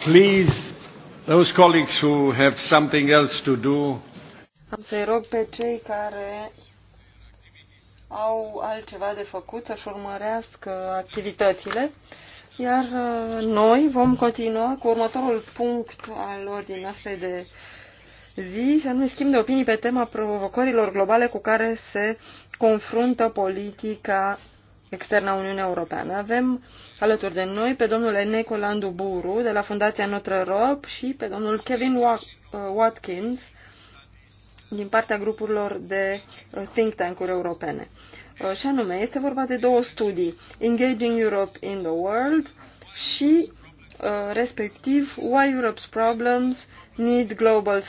Please, those colleagues who have something else to do. Am să-i rog pe cei care au altceva de făcut să-și urmărească activitățile, iar uh, noi vom continua cu următorul punct al ordinii noastre de zi, și anume schimb de opinii pe tema provocărilor globale cu care se confruntă politica externă a Uniunii Europeană. Avem alături de noi pe domnul Eneco Landuburu de la Fundația Notre Europe și pe domnul Kevin uh, Watkins din partea grupurilor de uh, think tank-uri europene. Uh, și anume, este vorba de două studii, Engaging Europe in the World și respectiv Why Europe's Problems Need Global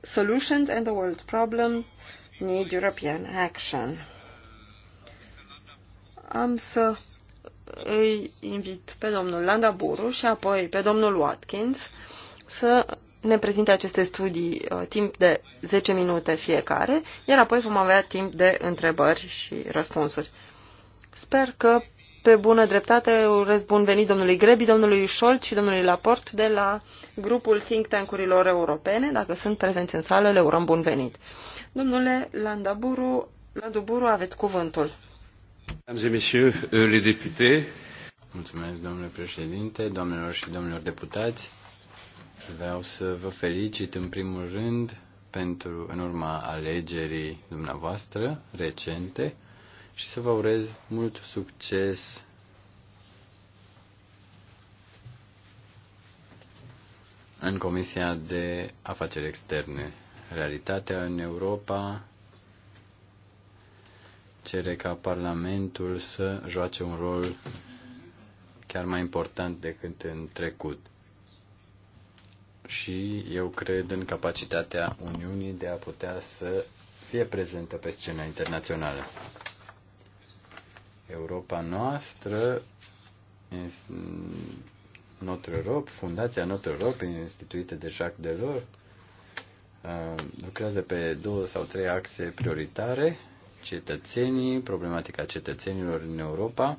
Solutions and the World's Problems Need European Action am să îi invit pe domnul Landa-Buru și apoi pe domnul Watkins să ne prezinte aceste studii uh, timp de 10 minute fiecare, iar apoi vom avea timp de întrebări și răspunsuri. Sper că pe bună dreptate urez bun venit domnului Grebi, domnului Scholz și domnului Laport de la grupul think tank-urilor europene. Dacă sunt prezenți în sală, le urăm bun venit. Domnule Landaburu, Landaburu aveți cuvântul. Euh, Mulțumesc, domnule președinte, domnilor și domnilor deputați. Vreau să vă felicit în primul rând pentru în urma alegerii dumneavoastră recente și să vă urez mult succes în Comisia de Afaceri Externe. Realitatea în Europa cere ca Parlamentul să joace un rol chiar mai important decât în trecut. Și eu cred în capacitatea Uniunii de a putea să fie prezentă pe scena internațională. Europa noastră, Notre Europe, Fundația Notre Europe, instituită de Jacques Delors, uh, lucrează pe două sau trei acțe prioritare cetățenii, problematica cetățenilor în Europa,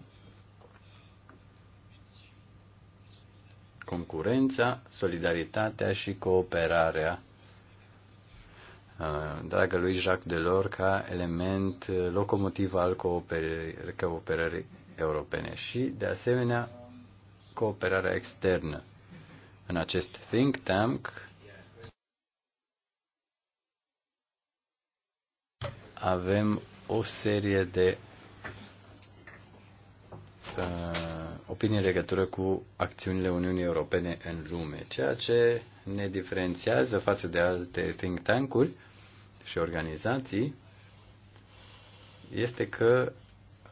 concurența, solidaritatea și cooperarea. Uh, dragă lui Jacques Delors, ca element uh, locomotiv al cooperării, cooperării europene și, de asemenea, cooperarea externă. În acest think tank avem o serie de uh, opinii în legătură cu acțiunile Uniunii Europene în lume, ceea ce ne diferențiază față de alte think tank-uri și organizații este că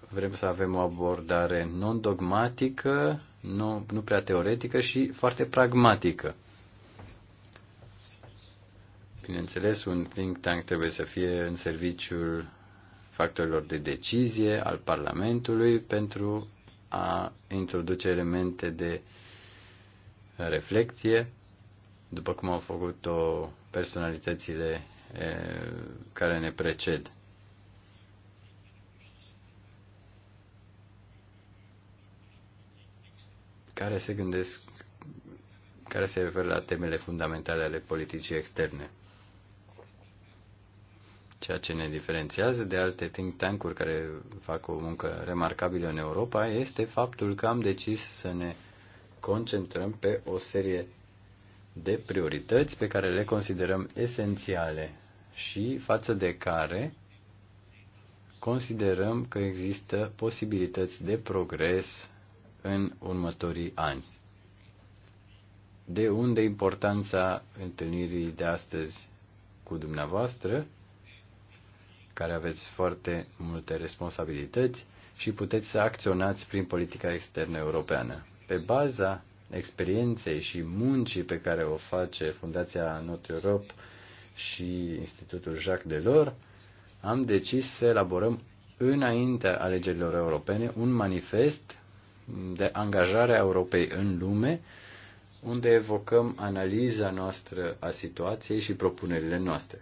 vrem să avem o abordare non-dogmatică, nu, nu prea teoretică și foarte pragmatică. Bineînțeles, un think tank trebuie să fie în serviciul factorilor de decizie al Parlamentului pentru a introduce elemente de reflexie, după cum au făcut-o personalitățile care ne preced. care se gândesc, care se referă la temele fundamentale ale politicii externe. Ceea ce ne diferențiază de alte think tank-uri care fac o muncă remarcabilă în Europa este faptul că am decis să ne concentrăm pe o serie de priorități pe care le considerăm esențiale și față de care considerăm că există posibilități de progres în următorii ani. De unde importanța întâlnirii de astăzi cu dumneavoastră care aveți foarte multe responsabilități și puteți să acționați prin politica externă europeană. Pe baza experienței și muncii pe care o face Fundația Notre Europe și Institutul Jacques Delors, am decis să elaborăm înaintea alegerilor europene un manifest de angajare a Europei în lume, unde evocăm analiza noastră a situației și propunerile noastre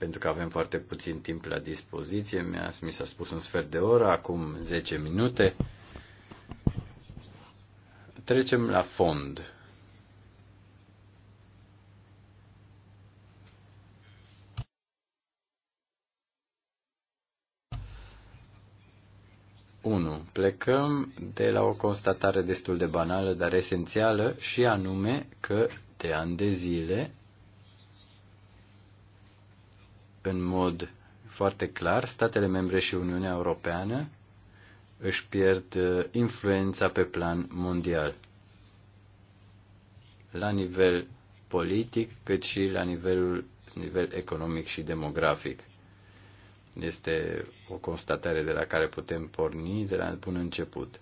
pentru că avem foarte puțin timp la dispoziție. Mi-a, mi s-a spus un sfert de oră, acum 10 minute. Trecem la fond. Unu. Plecăm de la o constatare destul de banală, dar esențială, și anume că de ani de zile în mod foarte clar, statele membre și Uniunea Europeană își pierd uh, influența pe plan mondial, la nivel politic, cât și la nivelul, nivel economic și demografic. Este o constatare de la care putem porni de la bun început.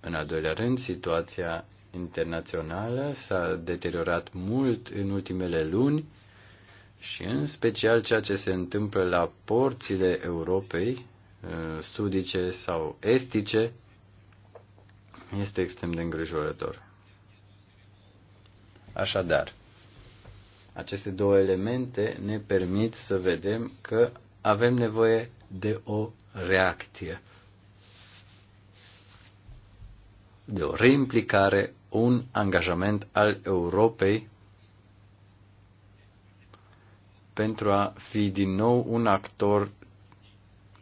În al doilea rând, situația internațională s-a deteriorat mult în ultimele luni, și în special ceea ce se întâmplă la porțile Europei, uh, studice sau estice, este extrem de îngrijorător. Așadar, aceste două elemente ne permit să vedem că avem nevoie de o reacție, de o reimplicare, un angajament al Europei pentru a fi din nou un actor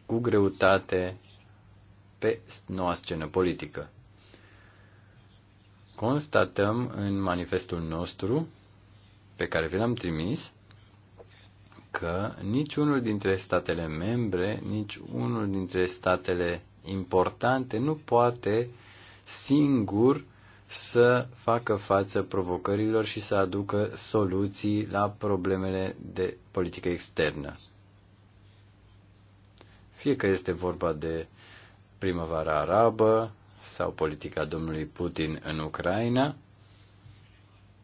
cu greutate pe noua scenă politică. Constatăm în manifestul nostru pe care vi l-am trimis că niciunul dintre statele membre, nici unul dintre statele importante nu poate singur să facă față provocărilor și să aducă soluții la problemele de politică externă. Fie că este vorba de primăvara arabă sau politica domnului Putin în Ucraina,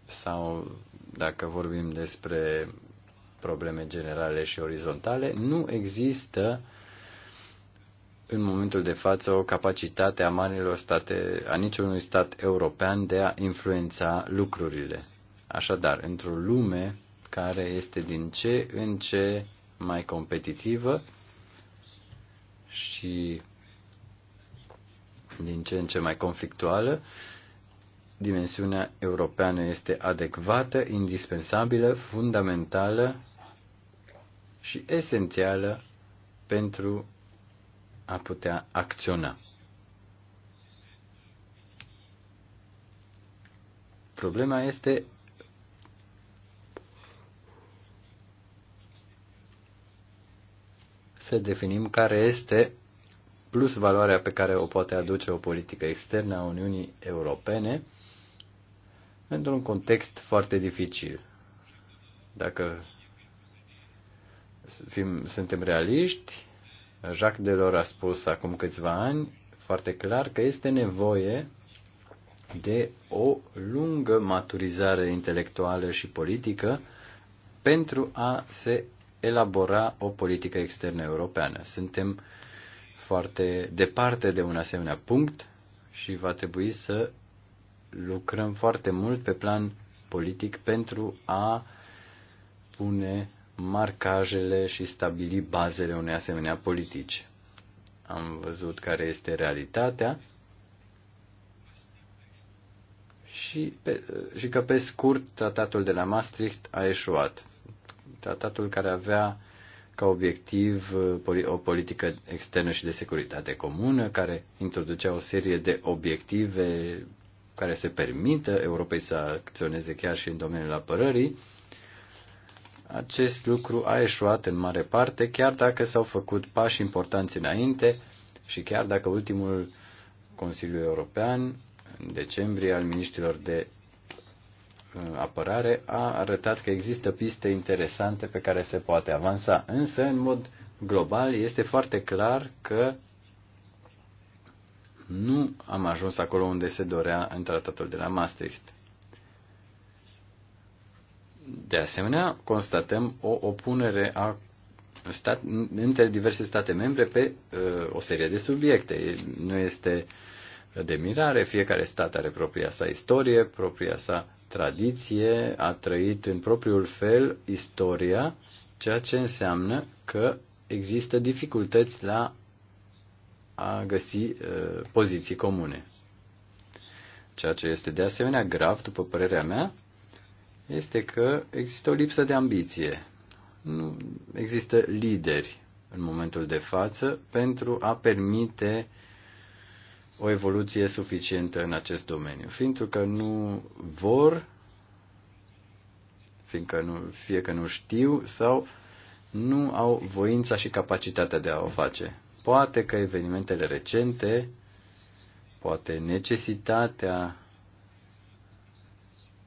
sau dacă vorbim despre probleme generale și orizontale, nu există uh, în momentul de față o capacitate a marilor state, a niciunui stat european de a influența lucrurile. Așadar, într-o lume care este din ce în ce mai competitivă și din ce în ce mai conflictuală, dimensiunea europeană este adecvată, indispensabilă, fundamentală și esențială pentru a putea acționa. Problema este să definim care este plus valoarea pe care o poate aduce o politică externă a Uniunii Europene într-un context foarte dificil. Dacă fim, suntem realiști, Jacques Delors a spus acum câțiva ani foarte clar că este nevoie de o lungă maturizare intelectuală și politică pentru a se elabora o politică externă europeană. Suntem foarte departe de un asemenea punct și va trebui să lucrăm foarte mult pe plan politic pentru a pune marcajele și stabili bazele unei asemenea politici. Am văzut care este realitatea și, pe, și că pe scurt tratatul de la Maastricht a eșuat. Tratatul care avea ca obiectiv uh, o politică externă și de securitate comună, care introducea o serie de obiective care se permită Europei să acționeze chiar și în domeniul apărării, acest lucru a eșuat în mare parte, chiar dacă s-au făcut pași importanți înainte și chiar dacă ultimul Consiliu European, în decembrie, al ministrilor de uh, apărare, a arătat că există piste interesante pe care se poate avansa. Însă, în mod global, este foarte clar că nu am ajuns acolo unde se dorea în tratatul de la Maastricht. De asemenea, constatăm o opunere a stat, între diverse state membre pe uh, o serie de subiecte. Nu este de mirare, fiecare stat are propria sa istorie, propria sa tradiție, a trăit în propriul fel istoria, ceea ce înseamnă că există dificultăți la a găsi uh, poziții comune. Ceea ce este de asemenea grav, după părerea mea, este că există o lipsă de ambiție. Nu există lideri în momentul de față pentru a permite o evoluție suficientă în acest domeniu, fiindcă că nu vor, fiindcă nu, fie că nu știu sau nu au voința și capacitatea de a o face. Poate că evenimentele recente, poate necesitatea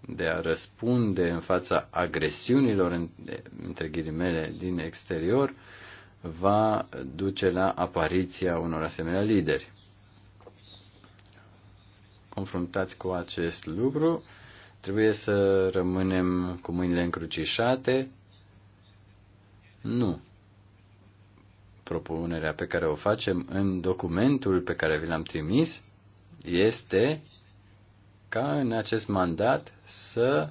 de a răspunde în fața agresiunilor, între ghilimele, din exterior, va duce la apariția unor asemenea lideri. Confruntați cu acest lucru, trebuie să rămânem cu mâinile încrucișate? Nu. Propunerea pe care o facem în documentul pe care vi l-am trimis este ca în acest mandat să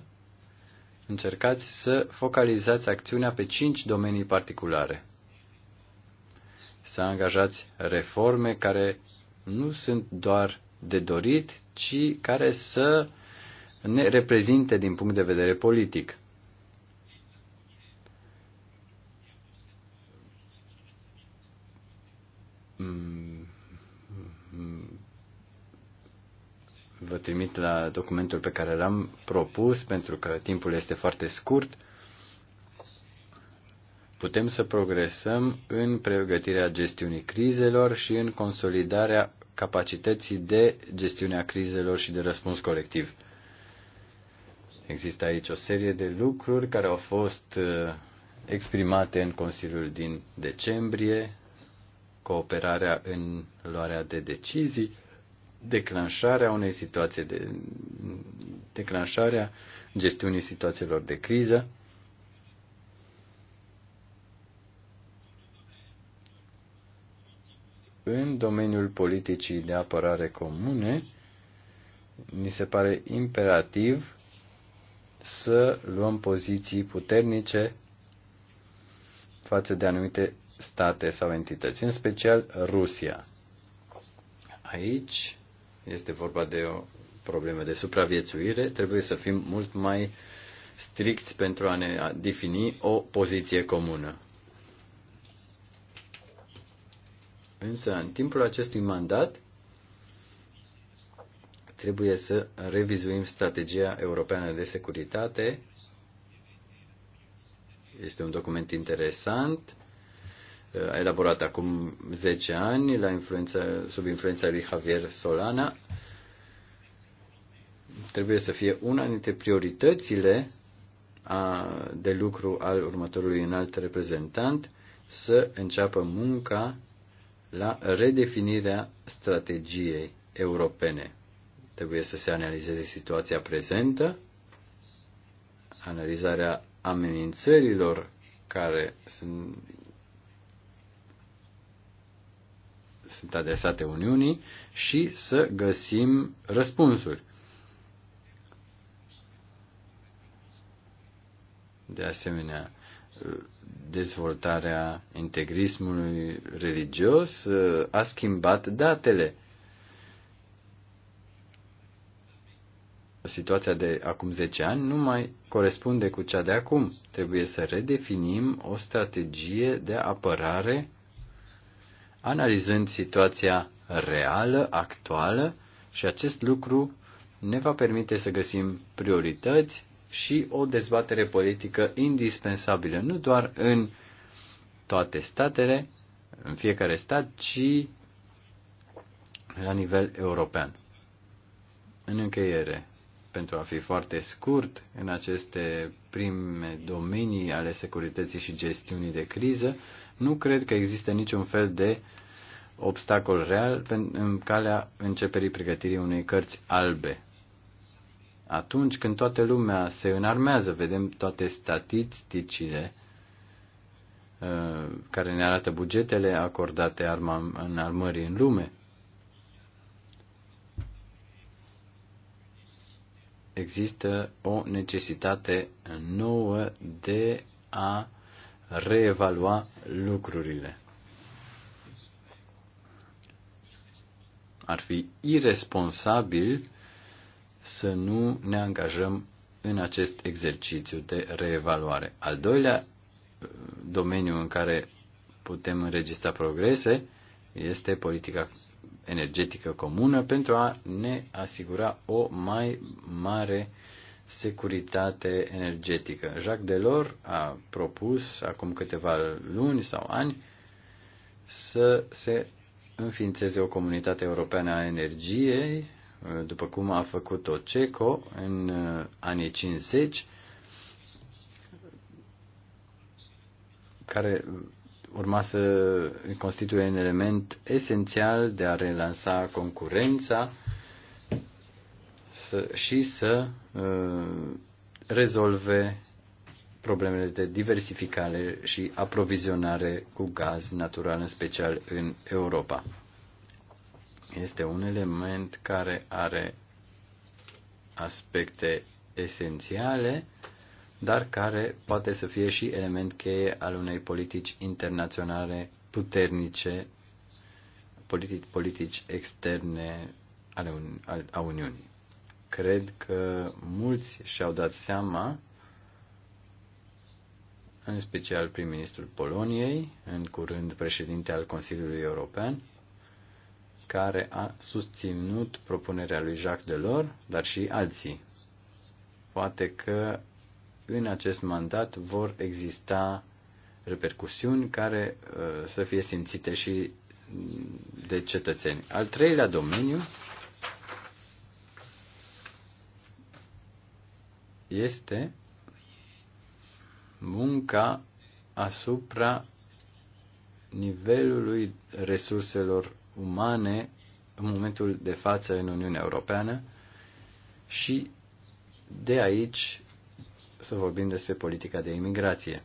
încercați să focalizați acțiunea pe cinci domenii particulare. Să angajați reforme care nu sunt doar de dorit, ci care să ne reprezinte din punct de vedere politic. vă trimit la documentul pe care l-am propus, pentru că timpul este foarte scurt. Putem să progresăm în pregătirea gestiunii crizelor și în consolidarea capacității de gestiune a crizelor și de răspuns colectiv. Există aici o serie de lucruri care au fost uh, exprimate în Consiliul din decembrie, cooperarea în luarea de decizii, declanșarea unei situații de declanșarea gestiunii situațiilor de criză. În domeniul politicii de apărare comune, ni se pare imperativ să luăm poziții puternice față de anumite state sau entități, în special Rusia. Aici este vorba de o problemă de supraviețuire, trebuie să fim mult mai stricți pentru a ne defini o poziție comună. Însă, în timpul acestui mandat, trebuie să revizuim strategia europeană de securitate. Este un document interesant elaborat acum 10 ani la influența, sub influența lui Javier Solana, trebuie să fie una dintre prioritățile a, de lucru al următorului înalt reprezentant să înceapă munca la redefinirea strategiei europene. Trebuie să se analizeze situația prezentă, analizarea amenințărilor care sunt, sunt adresate Uniunii și să găsim răspunsuri. De asemenea, dezvoltarea integrismului religios ă, a schimbat datele. Situația de acum 10 ani nu mai corespunde cu cea de acum. Trebuie să redefinim o strategie de apărare analizând situația reală, actuală și acest lucru ne va permite să găsim priorități și o dezbatere politică indispensabilă, nu doar în toate statele, în fiecare stat, ci la nivel european. În încheiere, pentru a fi foarte scurt în aceste prime domenii ale securității și gestiunii de criză, nu cred că există niciun fel de obstacol real în calea începerii pregătirii unei cărți albe. Atunci când toată lumea se înarmează, vedem toate statisticile uh, care ne arată bugetele acordate arma, în armării în lume. există o necesitate nouă de a reevalua lucrurile. Ar fi irresponsabil să nu ne angajăm în acest exercițiu de reevaluare. Al doilea uh, domeniu în care putem înregistra progrese este politica energetică comună pentru a ne asigura o mai mare securitate energetică. Jacques Delors a propus acum câteva luni sau ani să se înființeze o comunitate europeană a energiei, după cum a făcut-o CECO în uh, anii 50, care urma să constituie un element esențial de a relansa concurența și să uh, rezolve problemele de diversificare și aprovizionare cu gaz natural, în special în Europa. Este un element care are aspecte esențiale dar care poate să fie și element cheie al unei politici internaționale puternice, politici, politici externe ale un, al, a Uniunii. Cred că mulți și-au dat seama, în special prim-ministrul Poloniei, în curând președinte al Consiliului European, care a susținut propunerea lui Jacques Delors, dar și alții. Poate că în acest mandat vor exista repercusiuni care uh, să fie simțite și de cetățeni. Al treilea domeniu este munca asupra nivelului resurselor umane în momentul de față în Uniunea Europeană și de aici să vorbim despre politica de imigrație.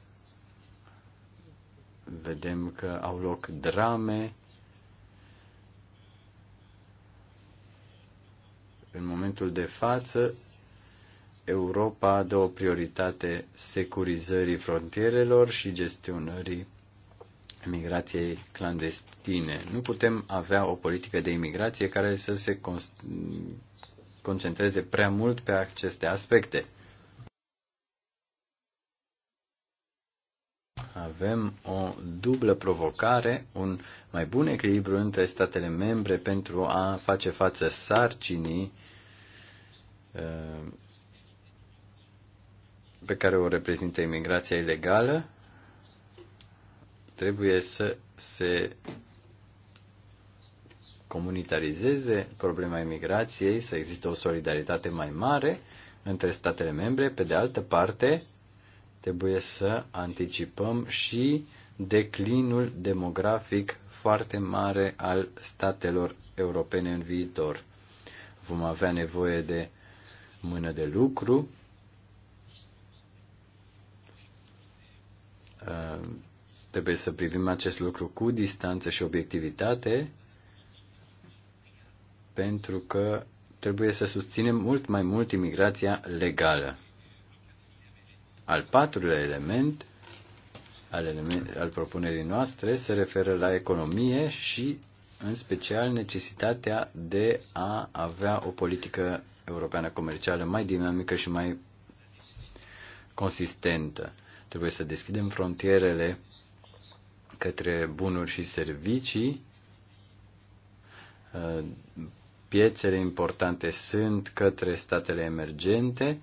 Vedem că au loc drame în momentul de față, Europa dă o prioritate securizării frontierelor și gestionării migrației clandestine. Nu putem avea o politică de imigrație care să se concentreze prea mult pe aceste aspecte. avem o dublă provocare, un mai bun echilibru între statele membre pentru a face față sarcinii eh, pe care o reprezintă imigrația ilegală, trebuie să se comunitarizeze problema imigrației, să existe o solidaritate mai mare între statele membre. Pe de altă parte, Trebuie să anticipăm și declinul demografic foarte mare al statelor europene în viitor. Vom avea nevoie de mână de lucru, uh, trebuie să privim acest lucru cu distanță și obiectivitate, pentru că trebuie să susținem mult mai mult imigrația legală. Al patrulea element al, element al propunerii noastre se referă la economie și, în special, necesitatea de a avea o politică europeană comercială mai dinamică și mai consistentă. Trebuie să deschidem frontierele către bunuri și servicii. Piețele importante sunt către statele emergente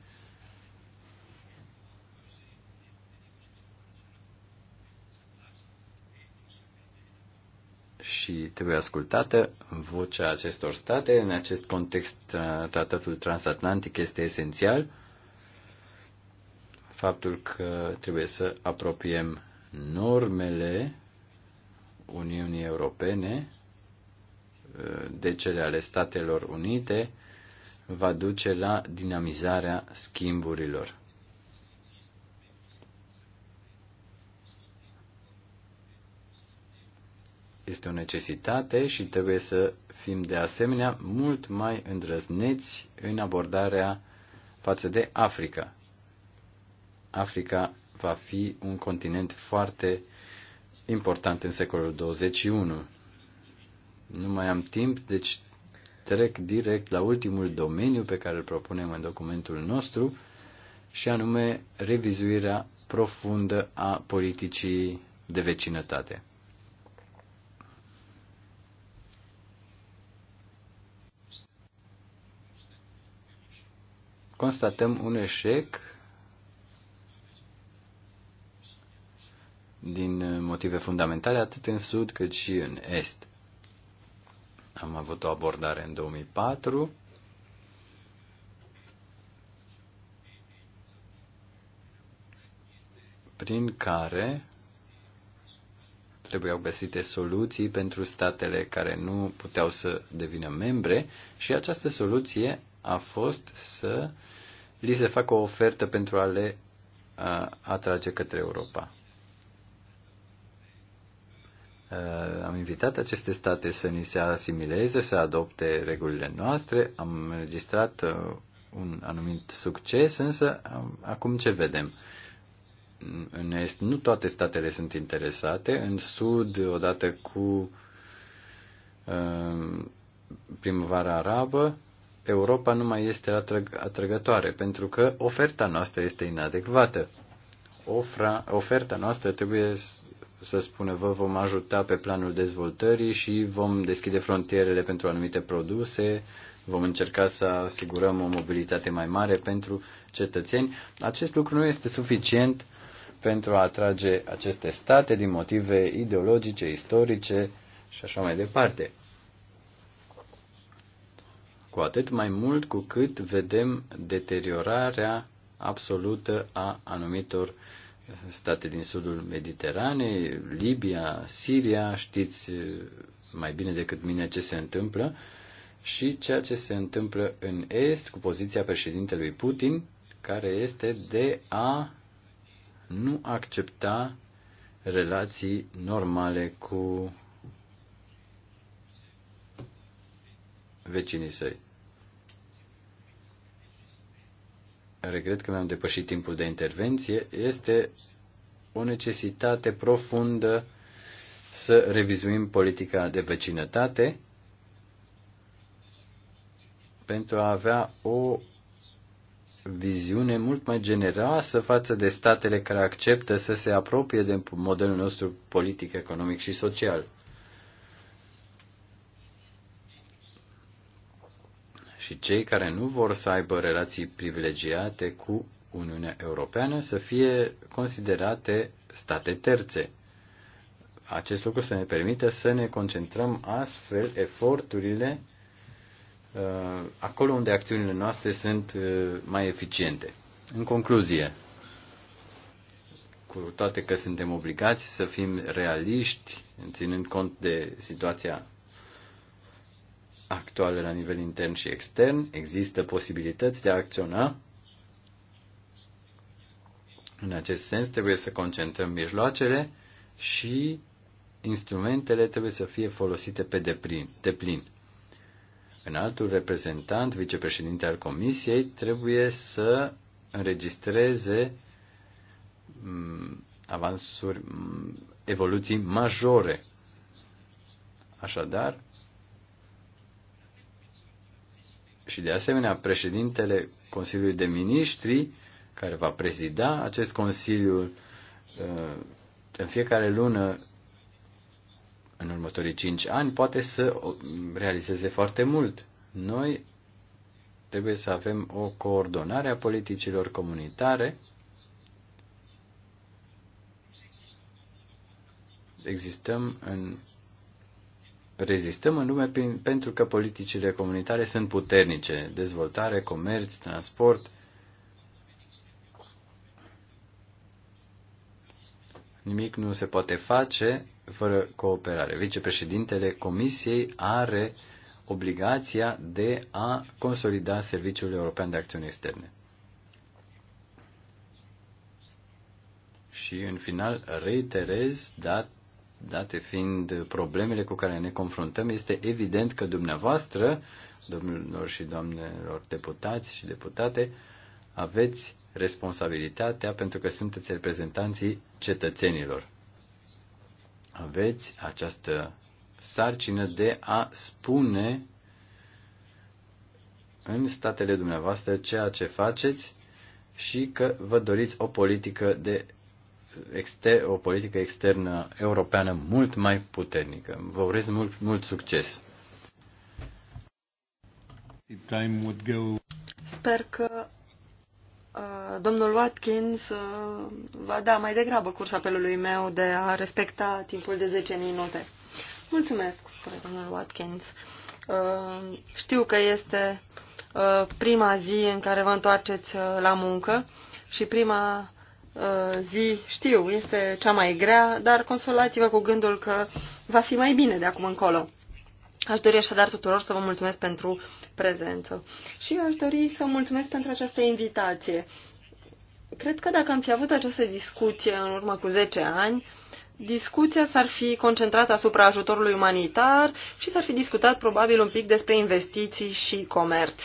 și trebuie ascultată vocea acestor state. În acest context, uh, tratatul transatlantic este esențial. Faptul că trebuie să apropiem normele Uniunii Europene uh, de cele ale Statelor Unite va duce la dinamizarea schimburilor. este o necesitate și trebuie să fim de asemenea mult mai îndrăzneți în abordarea față de Africa. Africa va fi un continent foarte important în secolul 21. Nu mai am timp, deci trec direct la ultimul domeniu pe care îl propunem în documentul nostru, și anume revizuirea profundă a politicii de vecinătate. constatăm un eșec din motive fundamentale atât în sud cât și în est. Am avut o abordare în 2004 prin care trebuiau găsite soluții pentru statele care nu puteau să devină membre și această soluție a fost să uh, li se facă o ofertă pentru a le atrage către Europa. Am invitat aceste state să ni se asimileze, să adopte regulile noastre, am înregistrat un anumit succes, însă acum ce vedem? În Est nu toate statele sunt interesate, în Sud, odată cu primăvara arabă, Europa nu mai este atrăg- atrăgătoare, pentru că oferta noastră este inadecvată. Ofra, oferta noastră trebuie să spună vă vom ajuta pe planul dezvoltării și vom deschide frontierele pentru anumite produse, vom încerca să asigurăm o mobilitate mai mare pentru cetățeni. Acest lucru nu este suficient pentru a atrage aceste state din motive ideologice, istorice și așa mai departe. Cu atât mai mult cu cât vedem deteriorarea absolută a anumitor state din sudul Mediteranei, Libia, Siria, știți mai bine decât mine ce se întâmplă, și ceea ce se întâmplă în Est cu poziția președintelui Putin, care este de a nu accepta relații normale cu vecinii săi. regret că mi-am depășit timpul de intervenție, este o necesitate profundă să revizuim politica de vecinătate pentru a avea o viziune mult mai generoasă față de statele care acceptă să se apropie de modelul nostru politic, economic și social. și cei care nu vor să aibă relații privilegiate cu Uniunea Europeană să fie considerate state terțe. Acest lucru să ne permită să ne concentrăm astfel eforturile uh, acolo unde acțiunile noastre sunt uh, mai eficiente. În concluzie, cu toate că suntem obligați să fim realiști, ținând cont de situația actuale la nivel intern și extern. Există posibilități de a acționa. În acest sens trebuie să concentrăm mijloacele și instrumentele trebuie să fie folosite pe deplin. deplin. În altul reprezentant, vicepreședinte al Comisiei, trebuie să înregistreze mm, avansuri, mm, evoluții majore. Așadar, și de asemenea președintele Consiliului de Ministri, care va prezida acest Consiliu uh, în fiecare lună în următorii cinci ani, poate să realizeze foarte mult. Noi trebuie să avem o coordonare a politicilor comunitare. Existăm în rezistăm în lume prin, pentru că politicile comunitare sunt puternice. Dezvoltare, comerț, transport. Nimic nu se poate face fără cooperare. Vicepreședintele Comisiei are obligația de a consolida Serviciul European de Acțiuni Externe. Și în final reiterez dat, date fiind problemele cu care ne confruntăm, este evident că dumneavoastră, domnilor și doamnelor deputați și deputate, aveți responsabilitatea pentru că sunteți reprezentanții cetățenilor. Aveți această sarcină de a spune în statele dumneavoastră ceea ce faceți și că vă doriți o politică de exter- o politică externă europeană mult mai puternică. Vă urez mult, mult succes! Sper că uh, domnul Watkins uh, va da mai degrabă curs apelului meu de a respecta timpul de 10 minute. Mulțumesc, spune domnul Watkins. Uh, știu că este uh, prima zi în care vă întoarceți uh, la muncă și prima Uh, zi, știu, este cea mai grea, dar consolați-vă cu gândul că va fi mai bine de acum încolo. Aș dori așadar tuturor să vă mulțumesc pentru prezență. Și aș dori să mulțumesc pentru această invitație. Cred că dacă am fi avut această discuție în urmă cu 10 ani, discuția s-ar fi concentrat asupra ajutorului umanitar și s-ar fi discutat probabil un pic despre investiții și comerț.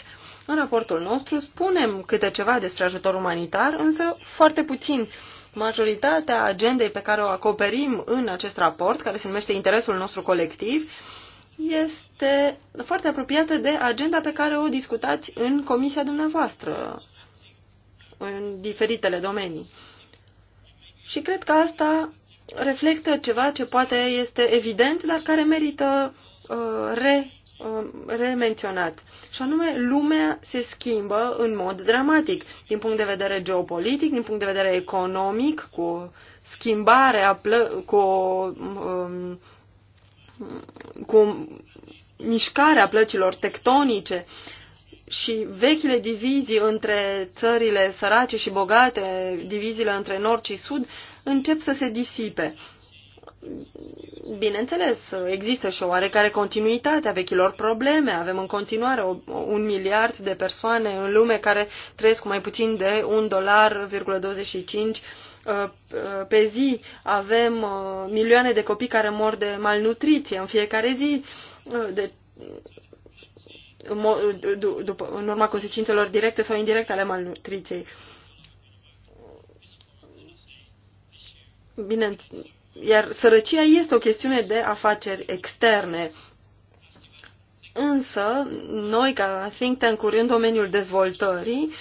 În raportul nostru spunem câte ceva despre ajutor umanitar, însă foarte puțin. Majoritatea agendei pe care o acoperim în acest raport, care se numește interesul nostru colectiv, este foarte apropiată de agenda pe care o discutați în comisia dumneavoastră, în diferitele domenii. Și cred că asta reflectă ceva ce poate este evident, dar care merită uh, re Um, remenționat. Și anume, lumea se schimbă în mod dramatic, din punct de vedere geopolitic, din punct de vedere economic, cu schimbarea, cu, um, cu mișcarea plăcilor tectonice și vechile divizii între țările sărace și bogate, diviziile între nord și sud, încep să se disipe bineînțeles, există și o oarecare continuitate a vechilor probleme. Avem în continuare o, un miliard de persoane în lume care trăiesc cu mai puțin de un dolar, 25 uh, uh, pe zi. Avem uh, milioane de copii care mor de malnutriție în fiecare zi. De, după, în urma consecințelor directe sau indirecte ale malnutriției. Bine, iar sărăcia este o chestiune de afaceri externe. Însă, noi, ca think tank în domeniul dezvoltării,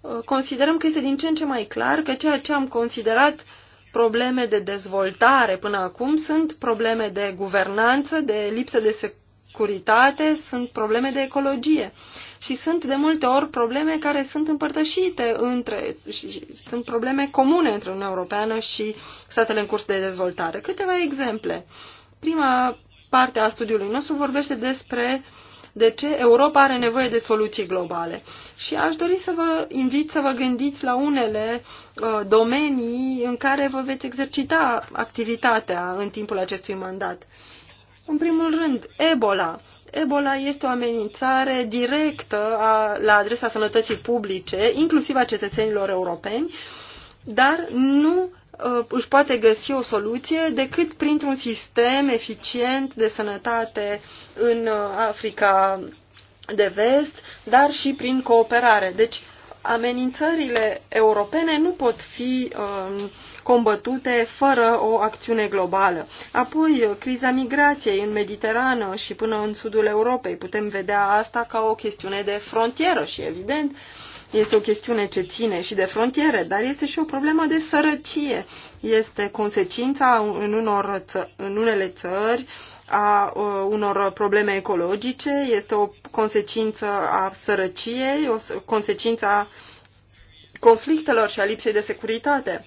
uh, considerăm că este din ce în ce mai clar că ceea ce am considerat probleme de dezvoltare până acum sunt probleme de guvernanță, de lipsă de securitate, sunt probleme de ecologie. Uh, și sunt de multe ori probleme care sunt împărtășite între, și sunt probleme comune între Uniunea Europeană și statele în curs de dezvoltare. Câteva exemple. Prima parte a studiului nostru vorbește despre de ce Europa are nevoie de soluții globale. Și aș dori să vă invit să vă gândiți la unele uh, domenii în care vă veți exercita activitatea în timpul acestui mandat. În primul rând, Ebola. Ebola este o amenințare directă a, la adresa sănătății publice, inclusiv a cetățenilor europeni, dar nu uh, își poate găsi o soluție decât printr-un sistem eficient de sănătate în uh, Africa de vest, dar și prin cooperare. Deci, amenințările europene nu pot fi uh, combătute fără o acțiune globală. Apoi, criza migrației în Mediterană și până în sudul Europei. Putem vedea asta ca o chestiune de frontieră și, evident, este o chestiune ce ține și de frontiere, dar este și o problemă de sărăcie. Este consecința în, unor ță- în unele țări a uh, unor probleme ecologice, este o consecință a sărăciei, o consecință a conflictelor și a lipsei de securitate.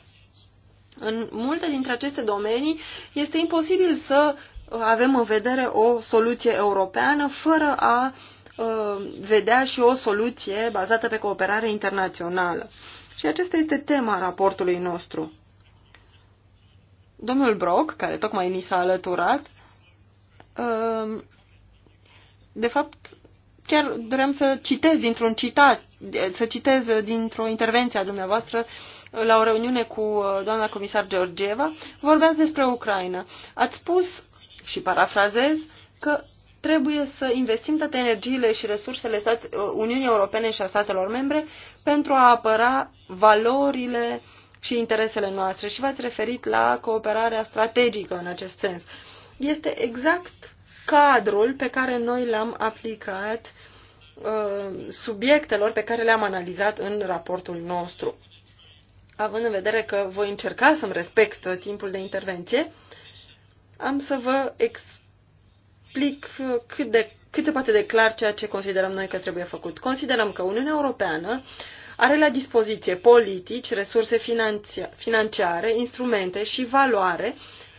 În multe dintre aceste domenii este imposibil să avem în vedere o soluție europeană fără a uh, vedea și o soluție bazată pe cooperare internațională. Și aceasta este tema raportului nostru. Domnul Brock, care tocmai ni s-a alăturat, uh, de fapt, chiar doream să citez dintr-un citat, să citez dintr-o intervenție a dumneavoastră la o reuniune cu uh, doamna comisar Georgieva, vorbeați despre Ucraina. Ați spus, și parafrazez, că trebuie să investim toate energiile și resursele stat, uh, Uniunii Europene și a statelor membre pentru a apăra valorile și interesele noastre. Și v-ați referit la cooperarea strategică în acest sens. Este exact cadrul pe care noi l-am aplicat uh, subiectelor pe care le-am analizat în raportul nostru având în vedere că voi încerca să-mi respect uh, timpul de intervenție, am să vă explic uh, cât, de, cât se poate de clar ceea ce considerăm noi că trebuie făcut. Considerăm că Uniunea Europeană are la dispoziție politici, resurse financiare, instrumente și valoare,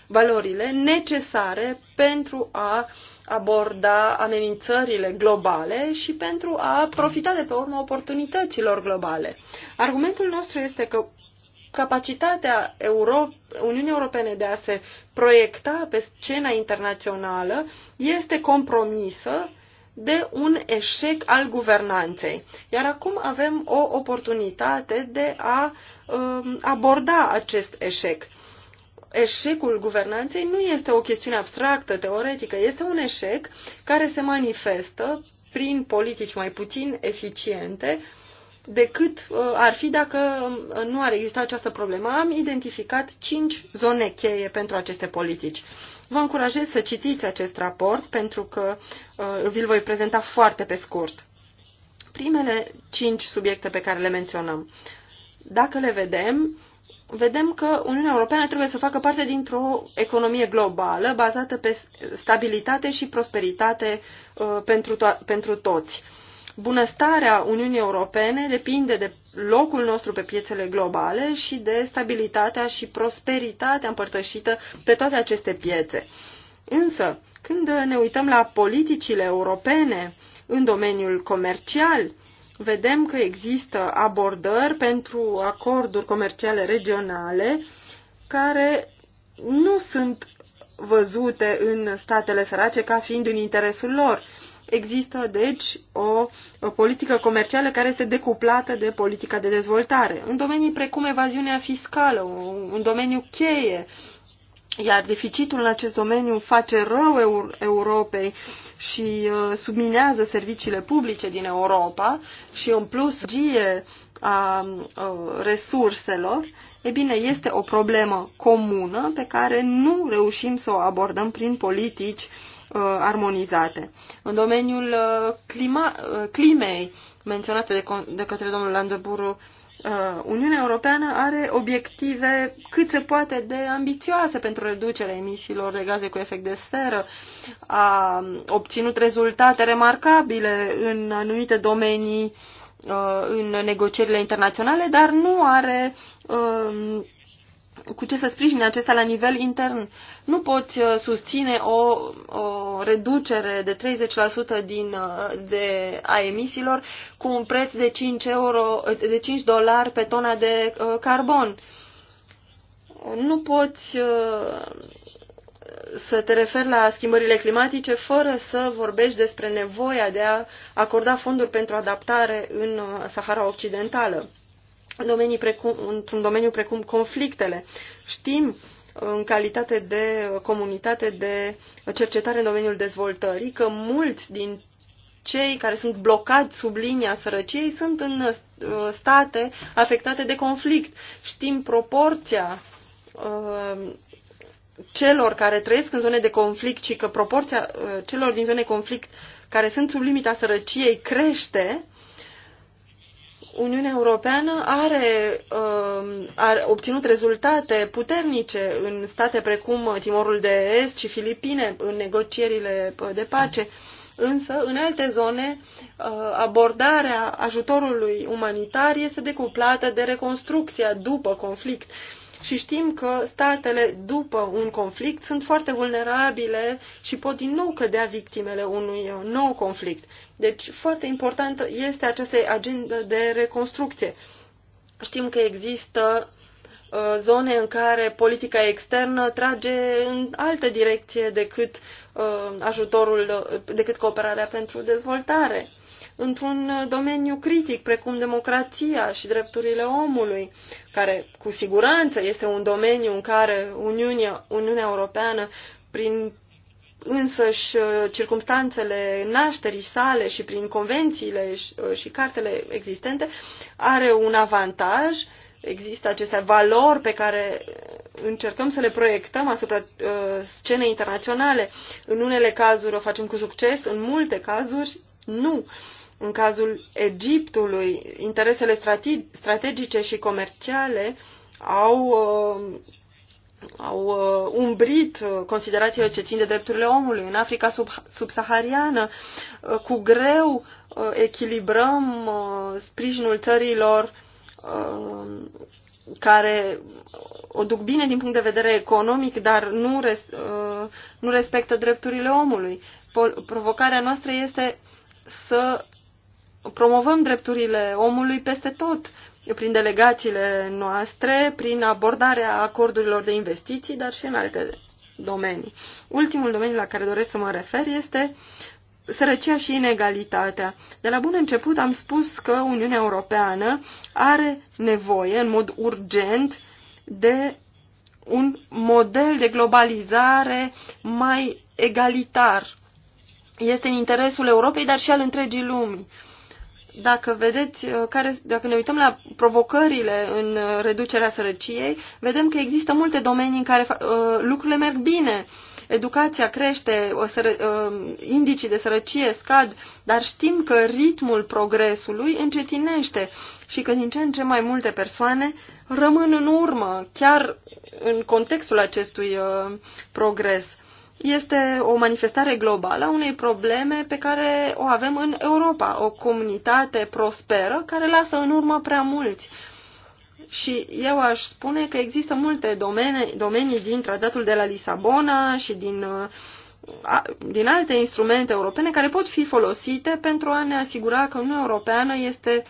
valorile necesare pentru a aborda amenințările globale și pentru a profita de pe urmă oportunităților globale. Argumentul nostru este că capacitatea Euro- Uniunii Europene de a se proiecta pe scena internațională este compromisă de un eșec al guvernanței. Iar acum avem o oportunitate de a um, aborda acest eșec. Eșecul guvernanței nu este o chestiune abstractă, teoretică, este un eșec care se manifestă prin politici mai puțin eficiente uh, decât uh, ar fi dacă um, nu ar exista această problemă. Am identificat cinci zone cheie pentru aceste politici. Vă încurajez să citiți acest raport pentru că uh, vi-l voi prezenta foarte pe scurt. Primele cinci subiecte pe care le menționăm. Dacă le vedem, vedem că Uniunea Europeană trebuie să facă parte dintr-o economie globală bazată pe stabilitate și prosperitate uh, pentru, to- pentru toți. Uh, bunăstarea Uniunii Europene depinde de locul nostru pe piețele globale și de stabilitatea și prosperitatea împărtășită pe toate aceste piețe. Însă, când ne uităm la politicile europene în domeniul comercial, vedem că există abordări pentru acorduri comerciale regionale care nu sunt văzute în statele sărace ca fiind în interesul lor Există, deci, o, o politică comercială care este decuplată de politica de dezvoltare. În domenii precum evaziunea fiscală, un domeniu cheie, iar deficitul în acest domeniu face rău Europei și uh, subminează serviciile publice din Europa și în plus gie a uh, resurselor, e bine, este o problemă comună pe care nu reușim să o abordăm prin politici uh, Uh, armonizate. În domeniul uh, clima, uh, climei, menționate de, de către domnul Landeburu, Uniunea Europeană are obiective cât se poate de ambițioase pentru reducerea emisiilor de gaze cu efect de seră. A obținut rezultate remarcabile în anumite domenii în negocierile internaționale, dar nu are cu ce să sprijine acesta la nivel intern. Nu poți uh, susține o, o reducere de 30% din, uh, de, a emisiilor cu un preț de 5, euro, uh, de 5 dolari pe tona de carbon. Nu poți să te referi la schimbările climatice fără să vorbești despre nevoia de a acorda fonduri pentru adaptare în Sahara Occidentală domenii precum, într-un domeniu precum conflictele. Știm în calitate de comunitate de cercetare în domeniul dezvoltării că mulți din cei care sunt blocați sub linia sărăciei sunt în uh, state afectate de conflict. Știm proporția uh, celor care trăiesc în zone de conflict și că proporția uh, celor din zone de conflict care sunt sub limita sărăciei crește Uniunea Europeană are, um, a obținut rezultate puternice în state precum Timorul de Est și Filipine în negocierile uh, de pace, însă în alte zone uh, abordarea ajutorului umanitar este decuplată de reconstrucția după conflict și știm că statele după un conflict sunt foarte vulnerabile și pot din nou cădea victimele unui nou conflict. Deci foarte important este această agendă de reconstrucție. Știm că există uh, zone în care politica externă trage în altă direcție decât uh, ajutorul, decât cooperarea pentru dezvoltare într-un uh, domeniu critic, precum democrația și drepturile omului, care cu siguranță este un domeniu în care Uniunea, Uniunea Europeană, prin însăși uh, circumstanțele nașterii sale și prin convențiile și, uh, și cartele existente, are un avantaj. Există aceste valori pe care încercăm să le proiectăm asupra uh, scenei internaționale. În unele cazuri o facem cu succes, în multe cazuri nu. Uh, în cazul Egiptului, interesele strategice și comerciale au, uh, au uh, umbrit uh, considerațiile ce țin de drepturile omului. În Africa sub, subsahariană, cu greu echilibrăm sprijinul țărilor care o duc bine din punct de vedere economic, dar nu, res, nu respectă drepturile omului. Provocarea noastră este să promovăm drepturile omului peste tot, prin delegațiile noastre, prin abordarea acordurilor de investiții, dar și în alte domenii. Ultimul domeniu la care doresc să mă refer este sărăcia și inegalitatea. De la bun început am spus că Uniunea Europeană are nevoie, în mod urgent, de un model de globalizare mai egalitar. Este în interesul Europei, dar și al întregii lumii dacă vedeți, uh, care, dacă ne uităm la provocările în uh, reducerea sărăciei, vedem că există multe domenii în care uh, lucrurile merg bine. Educația crește, o sără, indicii de sărăcie scad, dar știm că ritmul progresului încetinește și că din ce în ce mai multe persoane rămân în urmă, chiar în contextul acestui progres este o manifestare globală a unei probleme pe care o avem în Europa, o comunitate prosperă care lasă în urmă prea mulți. Și eu aș spune că există multe domenii, domenii din tratatul de la Lisabona și din, uh, din alte instrumente europene care pot fi folosite pentru a ne asigura că Uniunea Europeană este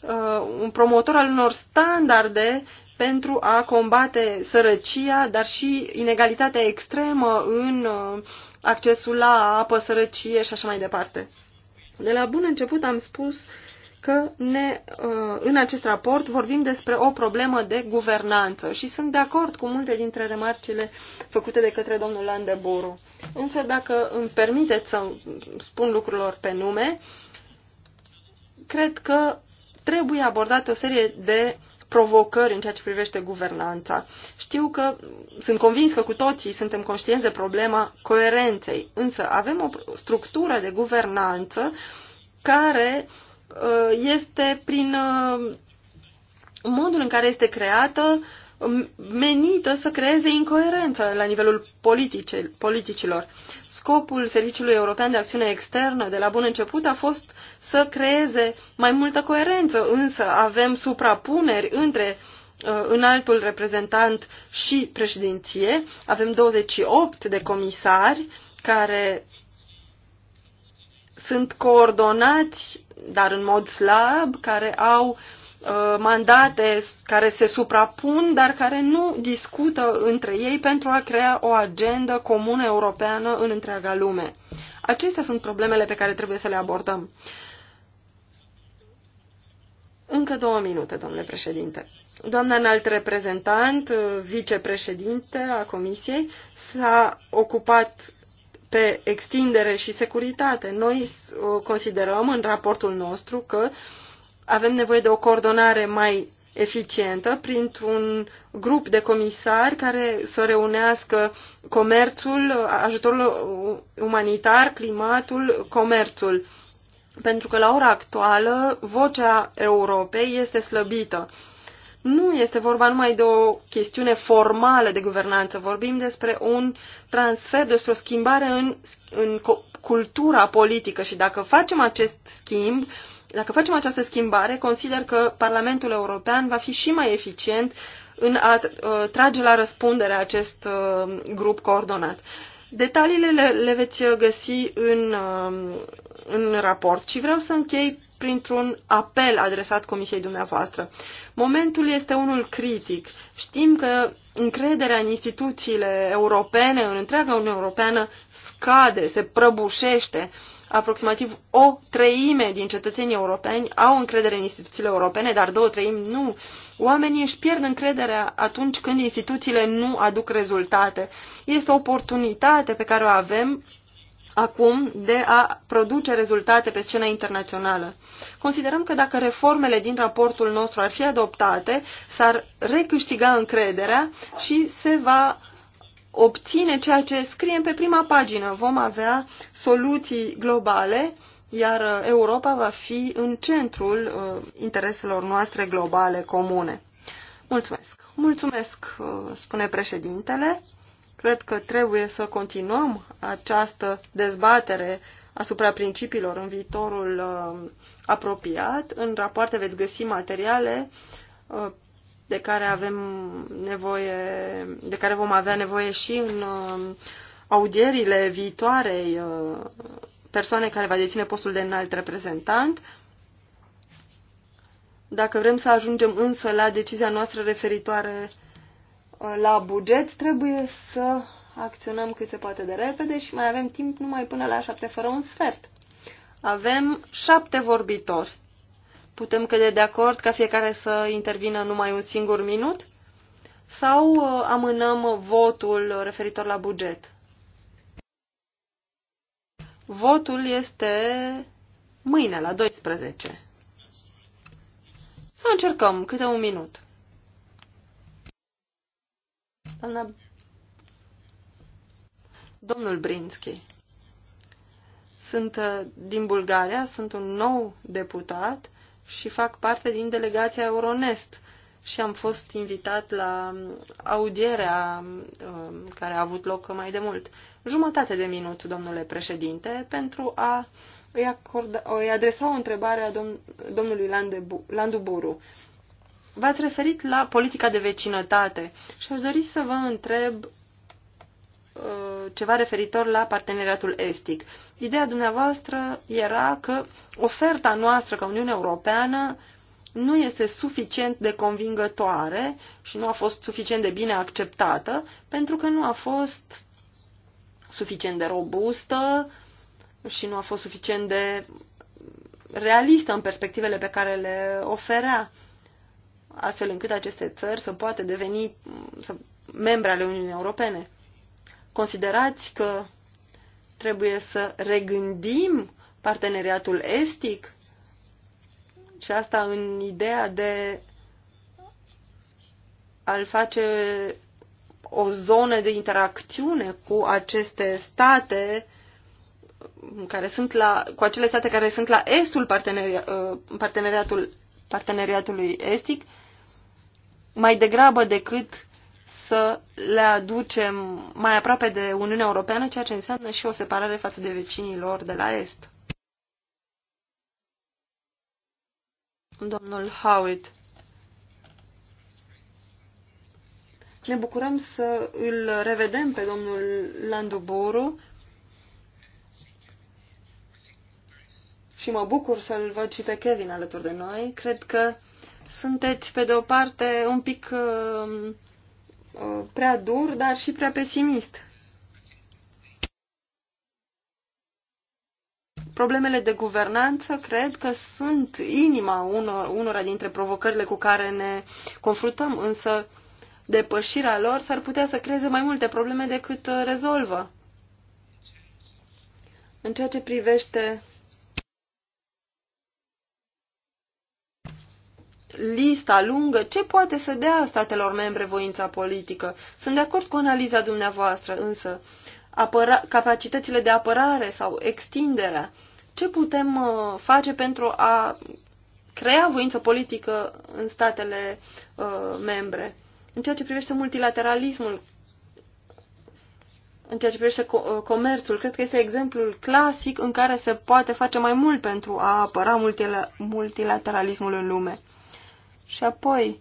uh, un promotor al unor standarde pentru a combate sărăcia, dar și inegalitatea extremă în uh, accesul la apă, sărăcie și așa mai departe. De la bun început am spus că ne, uh, în acest raport vorbim despre o problemă de guvernanță și sunt de acord cu multe dintre remarcile făcute de către domnul Landeboru. Însă dacă îmi permiteți să spun lucrurilor pe nume, cred că trebuie abordată o serie de provocări în ceea ce privește guvernanța. Știu că sunt convins că cu toții suntem conștienți de problema coerenței, însă avem o structură de guvernanță care uh, este prin uh, modul în care este creată menită să creeze incoerență la nivelul politice, politicilor. Scopul Serviciului European de Acțiune Externă de la bun început a fost să creeze mai multă coerență, însă avem suprapuneri între uh, înaltul reprezentant și președinție, avem 28 de comisari care sunt coordonați, dar în mod slab, care au uh, Uh, mandate care se suprapun, dar care nu discută între ei pentru a crea o agendă comună europeană în întreaga lume. Acestea sunt problemele pe care trebuie să le abordăm. Încă două minute, domnule președinte. Doamna înalt reprezentant, uh, vicepreședinte a Comisiei, s-a ocupat pe extindere și securitate. Noi uh, considerăm în raportul nostru că uh, avem nevoie de o coordonare mai eficientă printr-un grup de comisari care să reunească comerțul, ajutorul umanitar, climatul, comerțul. Pentru că la ora actuală vocea Europei este slăbită. Nu este vorba numai de o chestiune formală de guvernanță, vorbim despre un transfer, despre o schimbare în, în cultura politică și dacă facem acest schimb, uh, dacă facem această schimbare, consider că Parlamentul European va fi și mai eficient în a uh, trage la răspundere acest uh, grup coordonat. Detaliile le, le veți găsi în, uh, în raport și vreau să închei printr-un apel adresat Comisiei dumneavoastră. Momentul este unul critic. Știm că încrederea în instituțiile europene, în întreaga Uniune Europeană, scade, se prăbușește. Uh, aproximativ o treime din cetățenii europeni au încredere în instituțiile europene, dar două treimi nu. Oamenii își pierd încrederea atunci când instituțiile nu aduc rezultate. Este o oportunitate pe care o avem acum de a produce rezultate pe scena internațională. Considerăm că dacă reformele din raportul nostru ar fi adoptate, s-ar recâștiga încrederea și se va obține ceea ce scriem pe prima pagină. Vom avea soluții globale, iar uh, Europa va fi în centrul uh, intereselor noastre globale comune. Mulțumesc! Mulțumesc, uh, spune președintele. Cred că trebuie să continuăm această dezbatere asupra principiilor în viitorul apropiat. În rapoarte veți găsi materiale de care avem nevoie, de care vom avea nevoie și în uh, audierile viitoarei uh, persoane care va deține postul de înalt reprezentant. Dacă vrem să ajungem însă la decizia noastră referitoare uh, la buget, trebuie să acționăm cât se poate de repede și mai avem timp numai până la șapte fără un sfert. Avem șapte vorbitori Putem căde de acord ca fiecare să intervină numai un singur minut? Sau uh, amânăm votul referitor la buget? Votul este mâine la 12. Să încercăm câte un minut. Doamna... Domnul Brinski. Sunt uh, din Bulgaria, sunt un nou deputat și fac parte din delegația Euronest și am fost invitat la audierea um, care a avut loc mai de mult. Jumătate de minut, domnule președinte, pentru a îi, acorda, îi adresa o întrebare a dom, domnului Landebu, Landuburu. V-ați referit la politica de vecinătate și aș dori să vă întreb Uh, ceva referitor la parteneriatul estic. Ideea dumneavoastră era că oferta noastră ca Uniune Europeană nu este suficient de convingătoare și nu a fost suficient de bine acceptată pentru că nu a fost suficient de robustă și nu a fost suficient de realistă în perspectivele pe care le oferea, astfel încât aceste țări să poată deveni membre ale Uniunii Europene. Considerați că trebuie să regândim parteneriatul estic și asta în ideea de a-l face o zonă de interacțiune cu aceste state care sunt la, cu acele state care sunt la estul parteneria, uh, parteneriatul, parteneriatului estic, mai degrabă decât să le aducem mai aproape de Uniunea Europeană, ceea ce înseamnă și o separare față de vecinii lor de la Est. Domnul Howitt. Ne bucurăm să îl revedem pe domnul Landuburu și mă bucur să-l văd și pe Kevin alături de noi. Cred că sunteți, pe de o parte, un pic uh, Uh, prea dur, dar și prea pesimist. Problemele de guvernanță cred că sunt inima unor, unora dintre provocările cu care ne confruntăm, însă depășirea lor s-ar putea să creeze mai multe probleme decât uh, rezolvă. În ceea ce privește lista lungă, ce poate să dea statelor membre voința politică? Sunt de acord cu analiza dumneavoastră, însă apăra, capacitățile de apărare sau extinderea, ce putem uh, face pentru a crea voință politică în statele uh, membre? În ceea ce privește multilateralismul, în ceea ce privește uh, comerțul, cred că este exemplul clasic în care se poate face mai mult pentru a apăra multilateralismul în lume. Și apoi,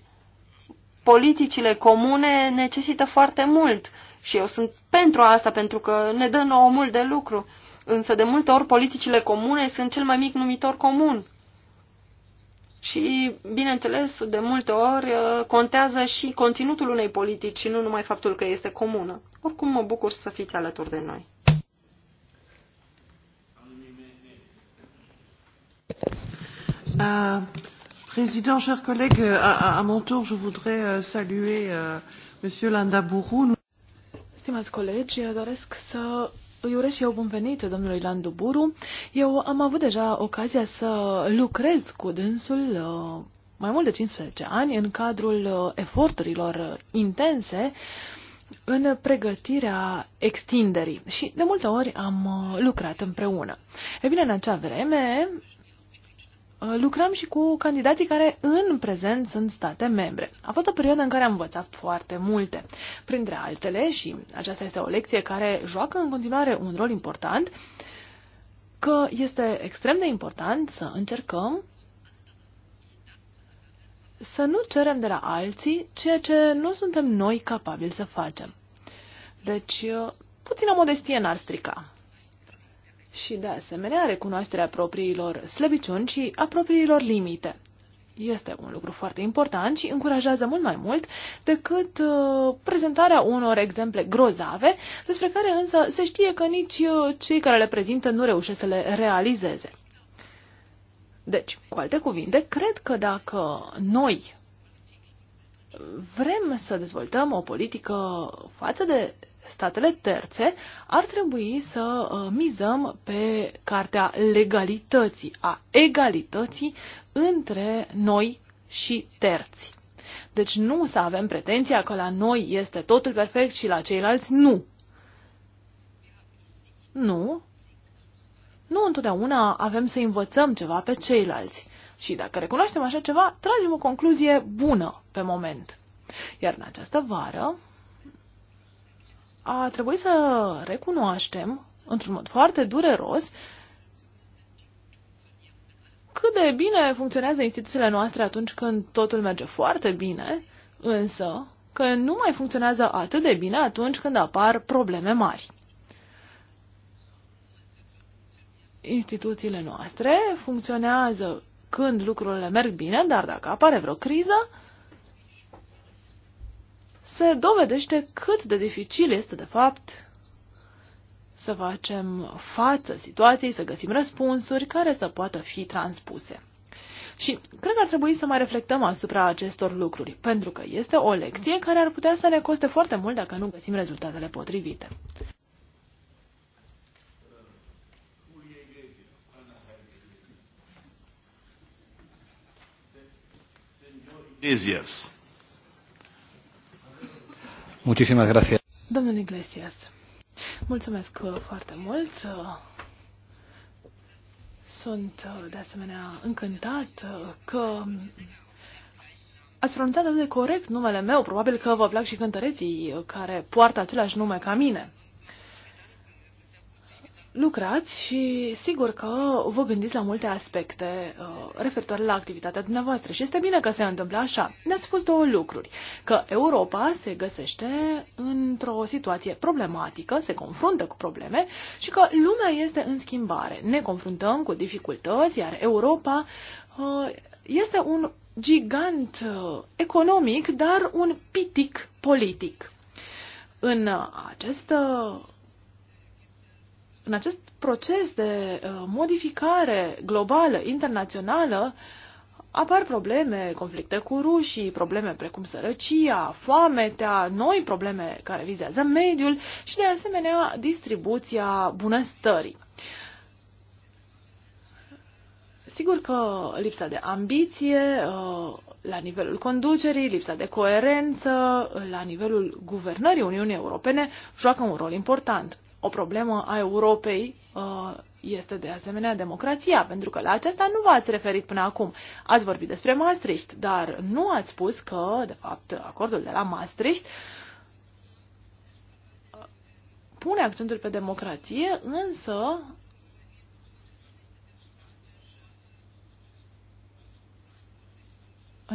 politicile comune necesită foarte mult și eu sunt pentru asta, pentru că ne dă nouă mult de lucru. Însă, de multe ori, politicile comune sunt cel mai mic numitor comun. Și, bineînțeles, de multe ori uh, contează și conținutul unei politici și nu numai faptul că este comună. Oricum, mă bucur să fiți alături de noi. Uh, Président, chers collègues, à, à, à mon tour, je voudrais euh, saluer euh, Monsieur Landaburu. Stimați colegi, doresc să îi urez și eu bun venit domnului Landaburu. Eu am avut deja ocazia să lucrez cu dânsul uh, mai mult de 15 ani în cadrul uh, eforturilor uh, intense în pregătirea extinderii și de multe ori am uh, lucrat împreună. E bine, în acea vreme Uh, lucrăm și cu candidații care în prezent sunt state membre. A fost o perioadă în care am învățat foarte multe. Printre altele, și aceasta este o lecție care joacă în continuare un rol important, că este extrem de important să încercăm să nu cerem de la alții ceea ce nu suntem noi capabili să facem. Deci, uh, puțină modestie n-ar strica și, de asemenea, recunoașterea propriilor slăbiciuni și a propriilor limite. Este un lucru foarte important și încurajează mult mai mult decât uh, prezentarea unor exemple grozave, despre care însă se știe că nici uh, cei care le prezintă nu reușesc să le realizeze. Deci, cu alte cuvinte, cred că dacă noi vrem să dezvoltăm o politică față de statele terțe, ar trebui să uh, mizăm pe cartea legalității, a egalității între noi și terți. Deci nu să avem pretenția că la noi este totul perfect și la ceilalți nu. Nu. Nu întotdeauna avem să învățăm ceva pe ceilalți. Și dacă recunoaștem așa ceva, tragem o concluzie bună pe moment. Iar în această vară, a trebuit să recunoaștem, într-un mod foarte dureros, cât de bine funcționează instituțiile noastre atunci când totul merge foarte bine, însă că nu mai funcționează atât de bine atunci când apar probleme mari. Instituțiile noastre funcționează când lucrurile merg bine, dar dacă apare vreo criză, se dovedește cât de dificil este de fapt să facem față situației, să găsim răspunsuri care să poată fi transpuse. Și cred că ar trebui să mai reflectăm asupra acestor lucruri, pentru că este o lecție care ar putea să ne coste foarte mult dacă nu găsim rezultatele potrivite. Iglesias. Muchísimas gracias. Domnul Iglesias, mulțumesc uh, foarte mult. Uh, sunt uh, de asemenea încântat că ați pronunțat atât de corect numele meu. Probabil că vă plac și cântăreții care poartă același nume ca mine lucrați și sigur că vă gândiți la multe aspecte uh, referitoare la activitatea dumneavoastră și este bine că se întâmplă așa. Ne-ați spus două lucruri, că Europa se găsește într-o situație problematică, se confruntă cu probleme și că lumea este în schimbare. Ne confruntăm cu dificultăți, iar Europa uh, este un gigant uh, economic, dar un pitic politic. În acest uh, în acest proces de uh, modificare globală, internațională, apar probleme, conflicte cu rușii, probleme precum sărăcia, foametea, noi probleme care vizează mediul și, de asemenea, distribuția bunăstării. Sigur că lipsa de ambiție uh, la nivelul conducerii, lipsa de coerență uh, la nivelul guvernării Uniunii Europene joacă un rol important o problemă a Europei uh, este de asemenea democrația, pentru că la aceasta nu v-ați referit până acum. Ați vorbit despre Maastricht, dar nu ați spus că, de fapt, acordul de la Maastricht uh, pune accentul pe democrație, însă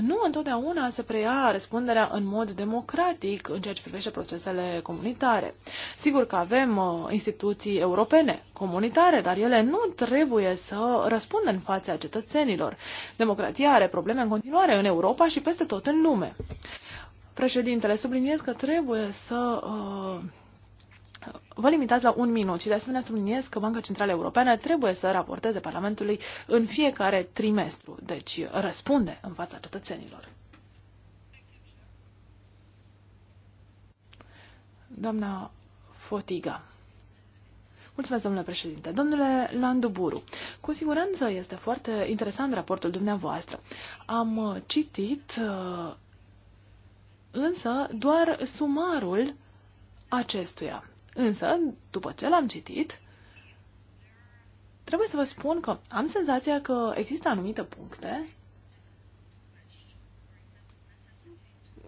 nu întotdeauna se preia răspunderea în mod democratic în ceea ce privește procesele comunitare. Sigur că avem uh, instituții europene, comunitare, dar ele nu trebuie să răspundă în fața cetățenilor. Democrația are probleme în continuare în Europa și peste tot în lume. Președintele, subliniez că trebuie să uh, vă limitați la un minut și de asemenea subliniez că Banca Centrală Europeană trebuie să raporteze Parlamentului în fiecare trimestru, deci răspunde în fața cetățenilor. Doamna Fotiga. Mulțumesc, domnule președinte. Domnule Landuburu, cu siguranță este foarte interesant raportul dumneavoastră. Am citit uh, însă doar sumarul acestuia. Însă, după ce l-am citit, trebuie să vă spun că am senzația că există anumite puncte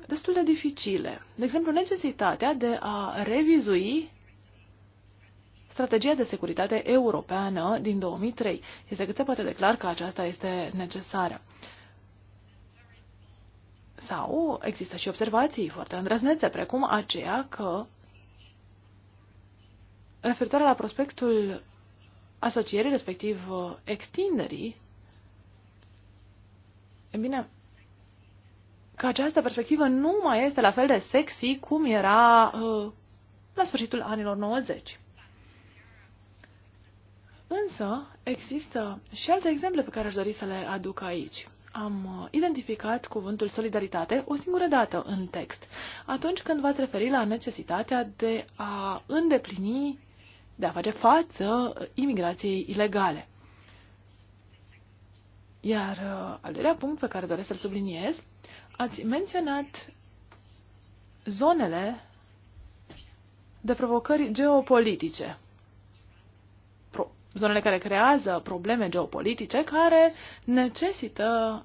destul de dificile. De exemplu, necesitatea de a revizui strategia de securitate europeană din 2003. Este cât se poate declar că aceasta este necesară. Sau există și observații foarte îndrăznețe, precum aceea că referitoare la prospectul asocierii, respectiv uh, extinderii, e bine, că această perspectivă nu mai este la fel de sexy cum era uh, la sfârșitul anilor 90. Însă, există și alte exemple pe care aș dori să le aduc aici. Am uh, identificat cuvântul solidaritate o singură dată în text, atunci când v-ați referit la necesitatea de a îndeplini de a face față uh, imigrației ilegale. Iar uh, al doilea punct pe care doresc să-l subliniez, ați menționat zonele de provocări geopolitice. Pro- zonele care creează probleme geopolitice care necesită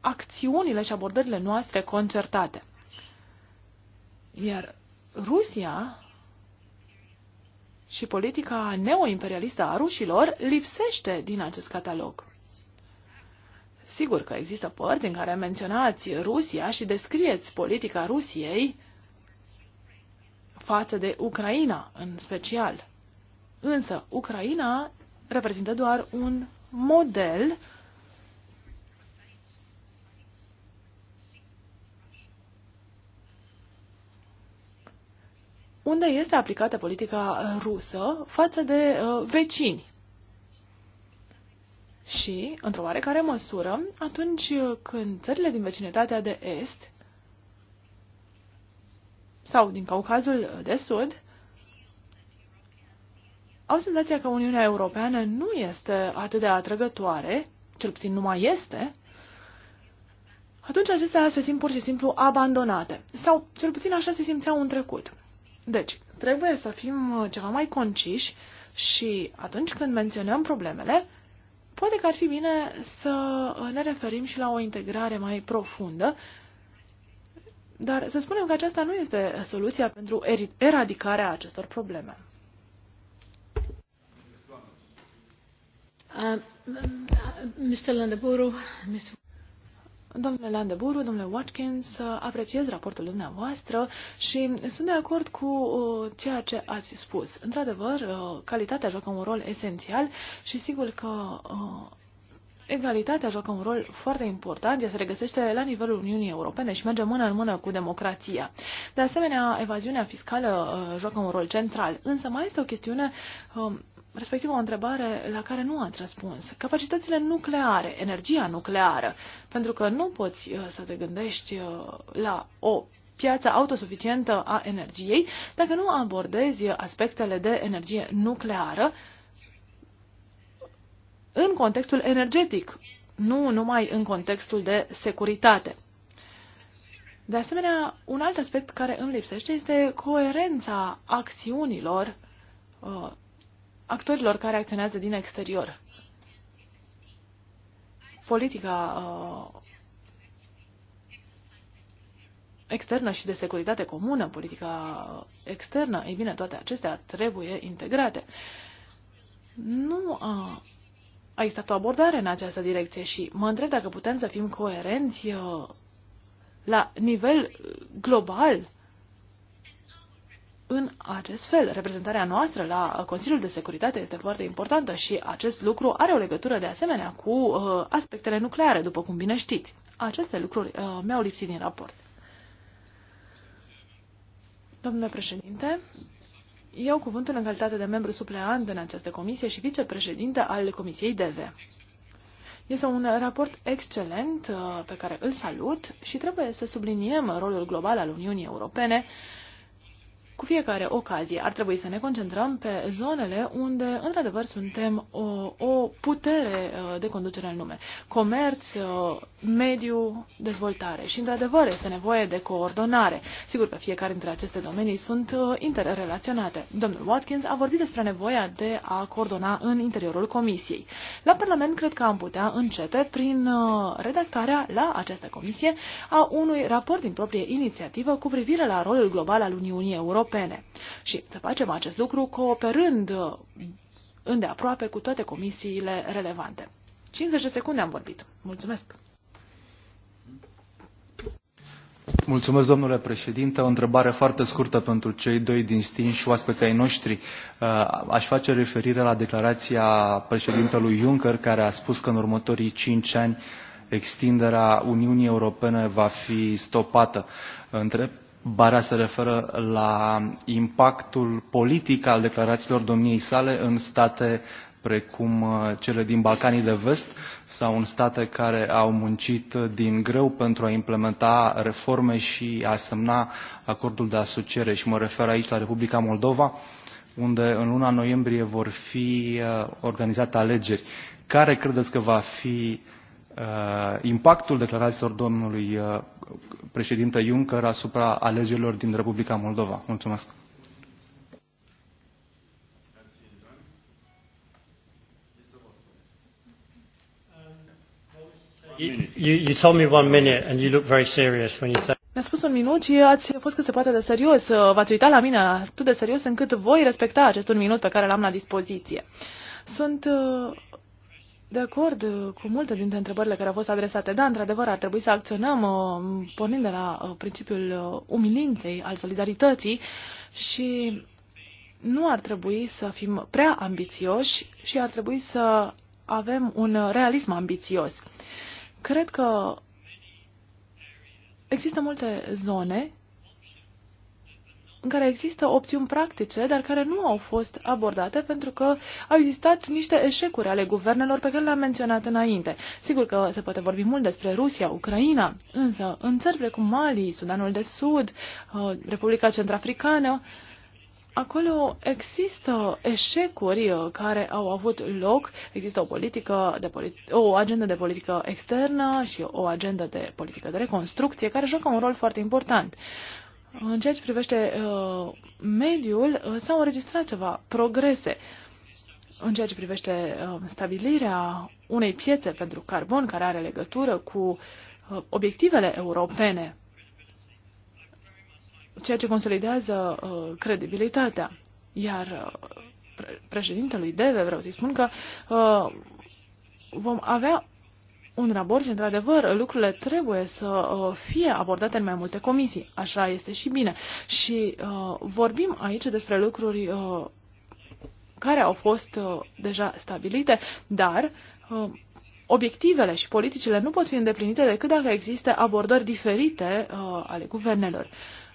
acțiunile și abordările noastre concertate. Iar Rusia și politica neoimperialistă a rușilor lipsește din acest catalog. Sigur că există părți în care menționați Rusia și descrieți politica Rusiei față de Ucraina în special. Însă, Ucraina reprezintă doar un model unde este aplicată politica uh, rusă față de uh, vecini. Și, într-o oarecare măsură, atunci uh, când țările din vecinătatea de est sau din Caucazul de Sud au senzația că Uniunea Europeană nu este atât de atrăgătoare, cel puțin nu mai este, atunci acestea se simt pur și simplu abandonate. Sau cel puțin așa se simțeau în trecut. Deci, trebuie să fim uh, ceva mai conciși și atunci când menționăm problemele, poate că ar fi bine să uh, ne referim și la o integrare mai profundă, dar să spunem că aceasta nu este soluția pentru eradicarea acestor probleme. Uh, Mr. Landeburu, Mr. Domnule Landeburu, domnule Watkins, apreciez raportul dumneavoastră și sunt de acord cu uh, ceea ce ați spus. Într-adevăr, uh, calitatea joacă un rol esențial și sigur că uh, Egalitatea joacă un rol foarte important, ea se regăsește la nivelul Uniunii Europene și merge mână în mână cu democrația. De asemenea, evaziunea fiscală joacă un rol central, însă mai este o chestiune respectiv o întrebare la care nu ați răspuns. Capacitățile nucleare, energia nucleară, pentru că nu poți uh, să te gândești uh, la o piață autosuficientă a energiei dacă nu abordezi aspectele de energie nucleară în contextul energetic, nu numai în contextul de securitate. De asemenea, un alt aspect care îmi lipsește este coerența acțiunilor uh, actorilor care acționează din exterior. Politica uh, externă și de securitate comună, politica externă, ei bine, toate acestea trebuie integrate. Nu a, a existat o abordare în această direcție și mă întreb dacă putem să fim coerenți uh, la nivel global în acest fel. Reprezentarea noastră la Consiliul de Securitate este foarte importantă și acest lucru are o legătură de asemenea cu uh, aspectele nucleare, după cum bine știți. Aceste lucruri uh, mi-au lipsit din raport. Domnule președinte, iau cuvântul în calitate de membru supleant în această comisie și vicepreședinte al Comisiei DV. Este un raport excelent uh, pe care îl salut și trebuie să subliniem rolul global al Uniunii Europene uh, cu fiecare ocazie ar trebui să ne concentrăm pe zonele unde, într-adevăr, suntem o, o putere uh, de conducere în lume. Comerț, uh, mediu, dezvoltare. Și, într-adevăr, este nevoie de coordonare. Sigur că fiecare dintre aceste domenii sunt uh, interrelaționate. Domnul Watkins a vorbit despre nevoia de a coordona în interiorul Comisiei. La Parlament cred că am putea începe prin redactarea la această comisie a unui raport din proprie inițiativă cu privire la rolul global al Uniunii Europene Europene. Și să facem acest lucru cooperând uh, îndeaproape cu toate comisiile relevante. 50 de secunde am vorbit. Mulțumesc! Mulțumesc, domnule președinte. O întrebare foarte scurtă pentru cei doi și oaspeții ai noștri. Uh, aș face referire la declarația președintelui Juncker, care a spus că în următorii cinci ani extinderea Uniunii Europene va fi stopată. Întreb Bara se referă la impactul politic al declarațiilor domniei sale în state precum uh, cele din Balcanii de Vest sau în state care au muncit din greu pentru a implementa reforme și a semna acordul de asociere. Și mă refer aici la Republica Moldova, unde în luna noiembrie vor fi uh, organizate alegeri. Care credeți că va fi uh, Uh, impactul declarațiilor domnului uh, președinte Juncker asupra alegerilor din Republica Moldova. Mulțumesc. Mi-a spus un minut și ați fost cât se poate de serios. Uh, v-ați uitat la mine atât de serios încât voi respecta acest un minut pe care l-am la dispoziție. Sunt de acord uh, cu multe dintre întrebările care au fost adresate. Da, într-adevăr, ar trebui să acționăm uh, pornind de la uh, principiul umilinței, al solidarității și nu ar trebui să fim prea ambițioși și ar trebui să avem un realism ambițios. Cred că există multe zone în care există opțiuni practice, dar care nu au fost abordate pentru că au existat niște eșecuri ale guvernelor pe care le-am menționat înainte. Sigur că se poate vorbi mult despre Rusia, Ucraina, însă în țări precum Mali, Sudanul de Sud, uh, Republica Centrafricană, Acolo există eșecuri uh, care au avut loc, există o, politică de politi- o agendă de politică externă și o agendă de politică de reconstrucție care joacă un rol foarte important. În ceea ce privește uh, mediul, uh, s-au înregistrat ceva progrese în ceea ce privește uh, stabilirea unei piețe pentru carbon care are legătură cu uh, obiectivele europene, ceea ce consolidează uh, credibilitatea. Iar uh, președintelui Deve vreau să-i spun că uh, vom avea un raport și, într-adevăr, lucrurile trebuie să uh, fie abordate în mai multe comisii. Așa este și bine. Și uh, vorbim aici despre lucruri uh, care au fost uh, deja stabilite, dar uh, obiectivele și politicile nu pot fi îndeplinite decât dacă există abordări diferite uh, ale guvernelor.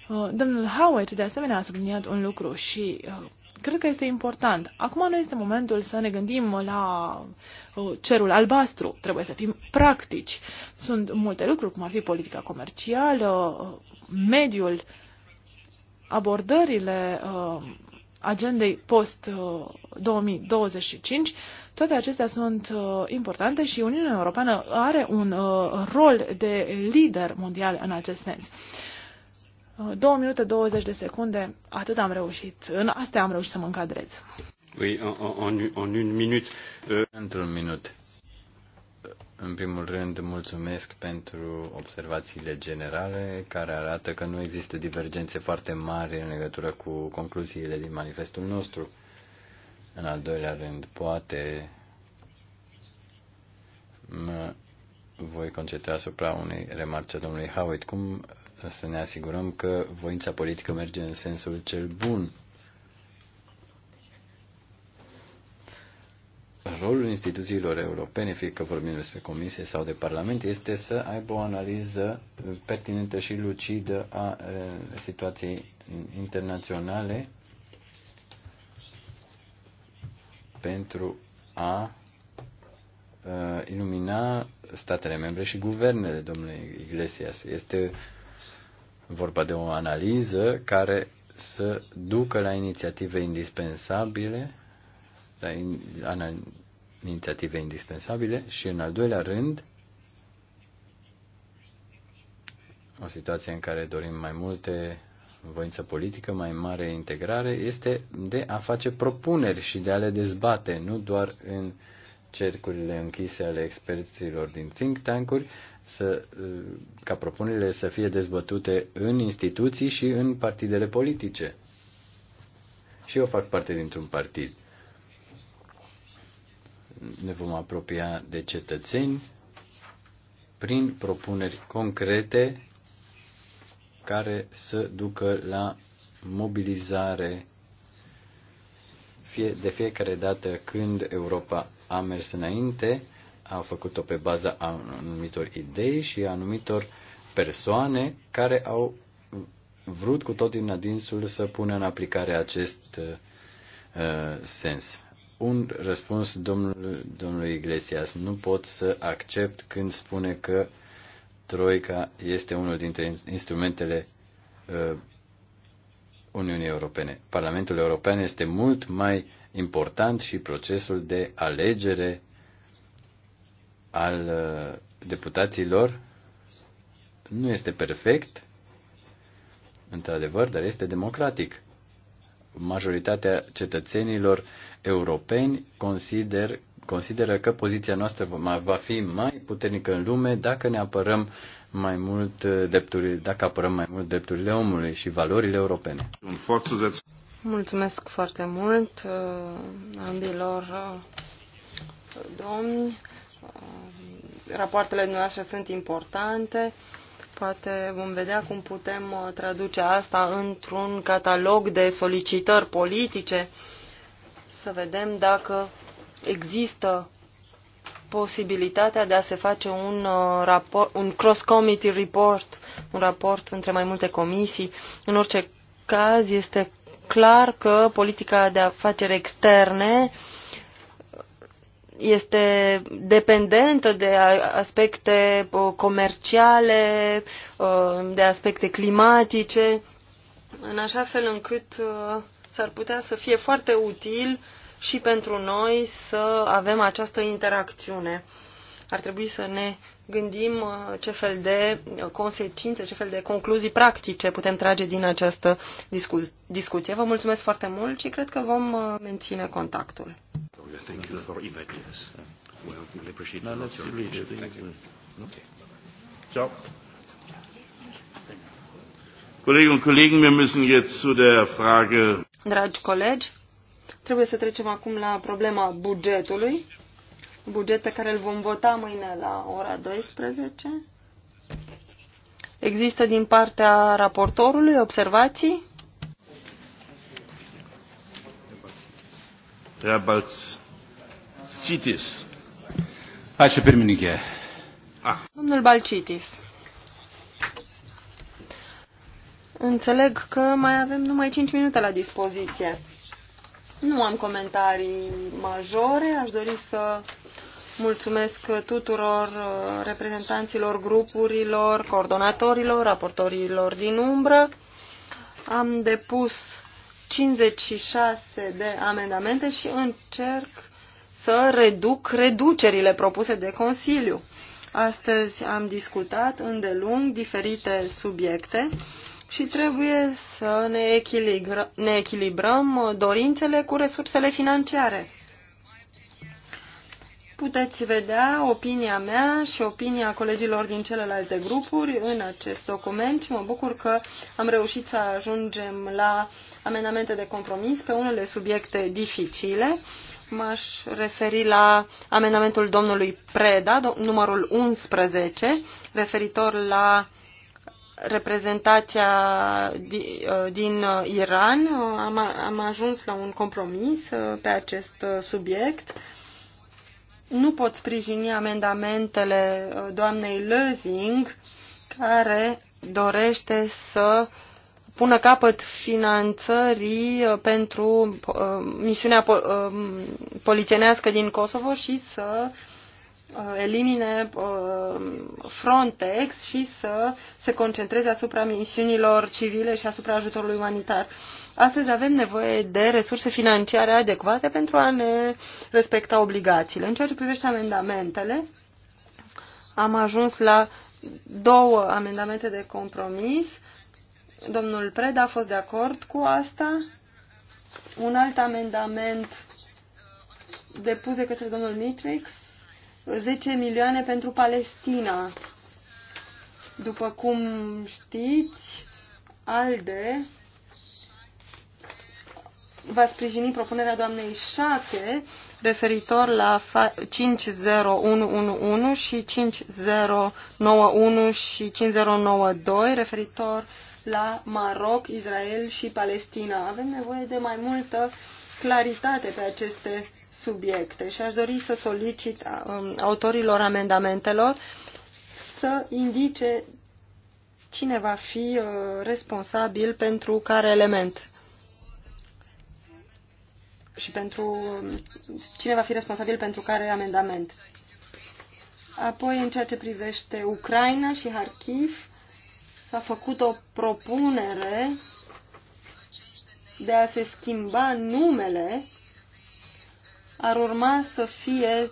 Uh, domnul Howard, de asemenea, a subliniat un lucru și uh, cred că este important. Acum nu este momentul să ne gândim la uh, cerul albastru. Trebuie să fim practici. Sunt multe lucruri, cum ar fi politica comercială, uh, mediul, abordările uh, agendei post-2025, toate acestea sunt importante și Uniunea Europeană are un rol de lider mondial în acest sens. 2 uh, minute 20 de secunde, atât am reușit. În astea am reușit să mă încadrez. Oui, en, en, un minut. Euh, Într-un minut. În primul rând, mulțumesc pentru observațiile generale care arată că nu există divergențe foarte mari în legătură cu concluziile din manifestul nostru. În al doilea rând, poate mă voi concentra asupra unei remarce a domnului Howitt. Cum să ne asigurăm că voința politică merge în sensul cel bun. Rolul instituțiilor europene, fie că vorbim despre comisie sau de parlament, este să aibă o analiză pertinentă și lucidă a situației internaționale pentru a ilumina statele membre și guvernele domnului Iglesias. Este vorba de o analiză care să ducă la inițiative indispensabile, la in, an, inițiative indispensabile și, în al doilea rând, o situație în care dorim mai multe voință politică, mai mare integrare, este de a face propuneri și de a le dezbate, nu doar în cercurile închise ale experților din think tank-uri, să, uh, ca propunerile să fie dezbătute în instituții și în partidele politice. Și eu fac parte dintr-un partid. Ne vom apropia de cetățeni prin propuneri concrete care să ducă la mobilizare fie, de fiecare dată când Europa a mers înainte, a făcut-o pe baza anumitor idei și anumitor persoane care au vrut cu tot din adinsul să pună în aplicare acest uh, sens. Un răspuns domnul, domnului Iglesias. Nu pot să accept când spune că Troica este unul dintre instrumentele uh, Uniunii Europene. Parlamentul European este mult mai important și procesul de alegere al uh, deputaților nu este perfect, într-adevăr, dar este democratic. Majoritatea cetățenilor europeni consider, consideră că poziția noastră va fi mai puternică în lume dacă ne apărăm mai mult uh, drepturile, dacă apărăm mai mult drepturile omului și valorile europene. Mulțumesc foarte mult uh, ambilor uh, domni. Uh, rapoartele noastre sunt importante. Poate vom vedea cum putem traduce asta într-un catalog de solicitări politice. Să vedem dacă există posibilitatea de a se face un, raport, un cross-committee report, un raport între mai multe comisii. În orice caz, este clar că politica de afaceri externe este dependentă de aspecte uh, comerciale, uh, de aspecte climatice, în așa fel încât uh, s-ar putea să fie foarte util și pentru noi să avem această interacțiune. Ar trebui să ne gândim uh, ce fel de uh, consecințe, ce fel de concluzii practice putem trage din această discu discuție. Vă mulțumesc foarte mult și cred că vom uh, menține contactul. Dragi colegi, trebuie să trecem acum la problema bugetului buget pe care îl vom vota mâine la ora 12. Există din partea raportorului observații? Balcitis. Ačiū pirmininkė. Ah. Domnul Balcitis. Înțeleg că mai avem numai 5 minute la dispoziție. Nu am comentarii majore, aș dori să Mulțumesc tuturor uh, reprezentanților grupurilor, coordonatorilor, raportorilor din umbră. Am depus 56 de amendamente și încerc să reduc reducerile propuse de Consiliu. Astăzi am discutat îndelung diferite subiecte și trebuie să ne, echilibr ne echilibrăm dorințele cu resursele financiare puteți vedea opinia mea și opinia colegilor din celelalte grupuri în acest document și mă bucur că am reușit să ajungem la amendamente de compromis pe unele subiecte dificile. M-aș referi la amendamentul domnului Preda, numărul 11, referitor la reprezentația ă, din Iran. Am ajuns la un compromis ă, pe acest ă, subiect nu pot sprijini amendamentele uh, doamnei Lăzing, care dorește să pună capăt finanțării uh, pentru uh, misiunea polițienească din Kosovo și să elimine Frontex și să se concentreze asupra misiunilor civile și asupra ajutorului umanitar. Astăzi avem nevoie de resurse financiare adecvate pentru a ne respecta obligațiile. În ceea ce privește amendamentele, am ajuns la două amendamente de compromis. Domnul Preda a fost de acord cu asta. Un alt amendament depus de către domnul Mitrix, 10 milioane pentru Palestina. După cum știți, ALDE va sprijini propunerea doamnei Șate referitor la 50111 și 5091 și 5092 referitor la Maroc, Israel și Palestina. Avem nevoie de mai multă claritate pe aceste subiecte și aș dori să solicit um, autorilor amendamentelor să indice cine va fi uh, responsabil pentru care element și pentru cine va fi responsabil pentru care amendament. Apoi, în ceea ce privește Ucraina și Harkiv, s-a făcut o propunere de a se schimba numele, ar urma să fie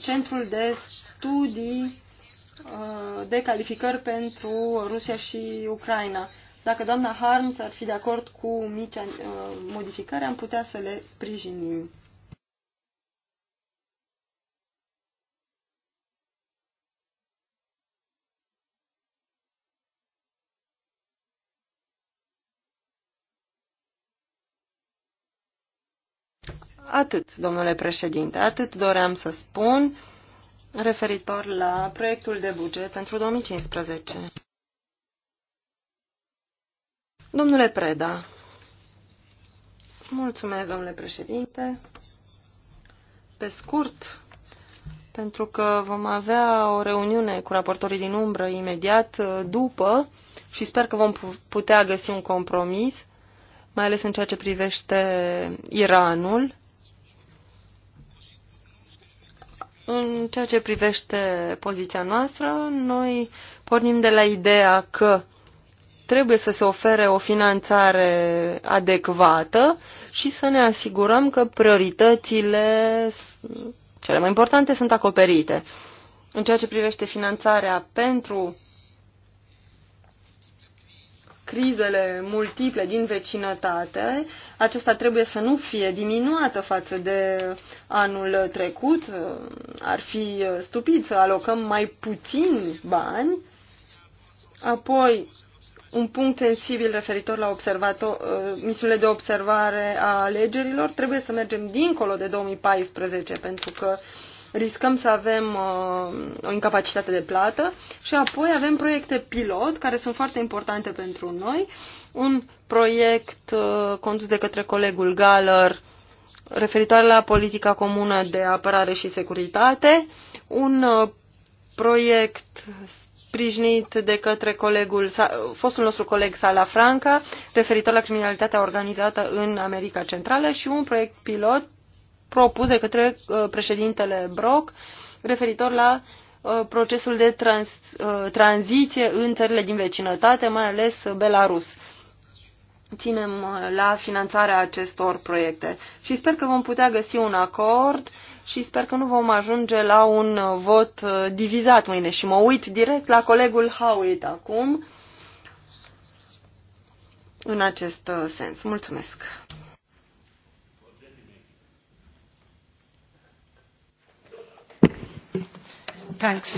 Centrul de Studii uh, de Calificări pentru Rusia și Ucraina. Dacă doamna Harms ar fi de acord cu mici uh, modificări, am putea să le sprijinim. Atât, domnule președinte, atât doream să spun referitor la proiectul de buget pentru 2015. Domnule Preda. Mulțumesc, domnule președinte. Pe scurt, pentru că vom avea o reuniune cu raportorii din umbră imediat uh, după și sper că vom putea găsi un compromis, mai ales în ceea ce privește Iranul. În ceea ce privește poziția noastră, noi pornim de la ideea că trebuie să se ofere o finanțare adecvată și să ne asigurăm că prioritățile cele mai importante sunt acoperite. În ceea ce privește finanțarea pentru crizele multiple din vecinătate, acesta trebuie să nu fie diminuată față de anul trecut. Ar fi stupid să alocăm mai puțini bani. Apoi, un punct sensibil referitor la uh, misiunile de observare a alegerilor. Trebuie să mergem dincolo de 2014 pentru că riscăm să avem uh, o incapacitate de plată și apoi avem proiecte pilot care sunt foarte importante pentru noi. Un proiect uh, condus de către colegul Galer referitoare la politica comună de apărare și securitate, un uh, proiect sprijinit de către colegul, fostul nostru coleg Sala Franca, referitor la criminalitatea organizată în America Centrală și un proiect pilot propus de către uh, președintele Brock referitor la uh, procesul de trans, uh, tranziție în țările din vecinătate, mai ales Belarus. Ținem la finanțarea acestor proiecte și sper că vom putea găsi un acord uh, și sper că nu vom ajunge la un uh, vot uh, divizat mâine. Și mă uit direct la colegul Howitt acum în acest uh, sens. Mulțumesc! Thanks.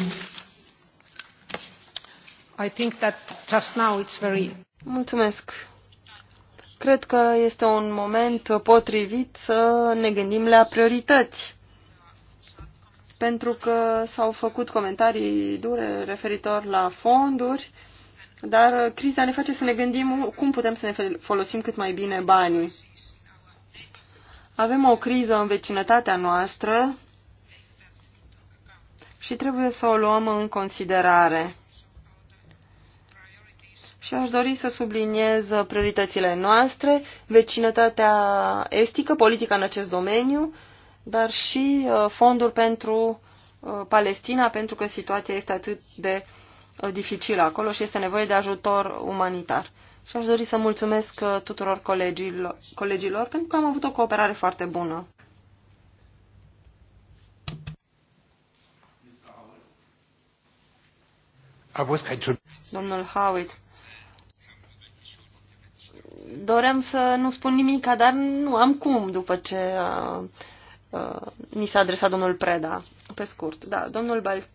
I think that just now it's very... Mulțumesc! Cred că este un moment potrivit să ne gândim la priorități pentru că s-au făcut comentarii dure referitor la fonduri, dar criza ne face să ne gândim cum putem să ne folosim cât mai bine banii. Avem o criză în vecinătatea noastră și trebuie să o luăm în considerare. Și aș dori să subliniez prioritățile noastre, vecinătatea estică, politica în acest domeniu, dar și uh, fondul pentru uh, Palestina, pentru că situația este atât de uh, dificilă acolo și este nevoie de ajutor umanitar. Și aș dori să mulțumesc tuturor colegilor, colegilor pentru că am avut o cooperare foarte bună. Domnul Howitt, doream să nu spun nimic, dar nu am cum după ce Uh, ni s-a adresat domnul Preda, pe scurt. Da, domnul Bal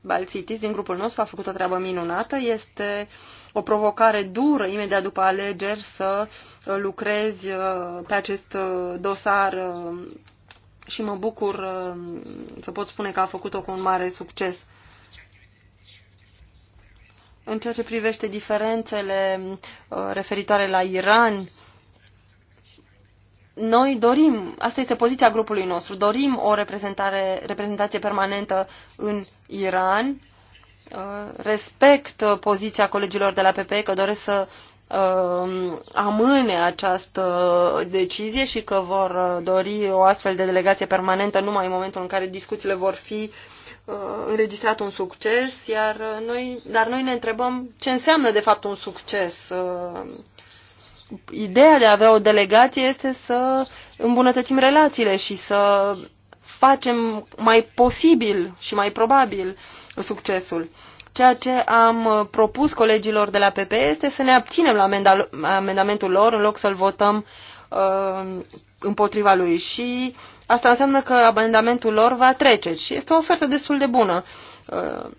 Balțitis din grupul nostru a făcut o treabă minunată. Este o provocare dură imediat după alegeri să uh, lucrezi uh, pe acest dosar și mă bucur să pot spune că a făcut-o cu un mare succes. În ceea ce privește diferențele referitoare la Iran, noi dorim, asta este poziția grupului nostru, dorim o reprezentare, reprezentație permanentă în Iran. Uh, respect poziția colegilor de la PPE că doresc să uh, amâne această decizie și că vor uh, dori o astfel de delegație permanentă numai în momentul în care discuțiile vor fi înregistrat un succes, iar noi, dar noi ne întrebăm ce înseamnă de fapt un succes ideea de a avea o delegație este să îmbunătățim relațiile și să facem mai posibil și mai probabil succesul. Ceea ce am propus colegilor de la PP este să ne abținem la amendamentul lor în loc să-l votăm uh, împotriva lui și asta înseamnă că amendamentul lor va trece și este o ofertă destul de bună. Uh,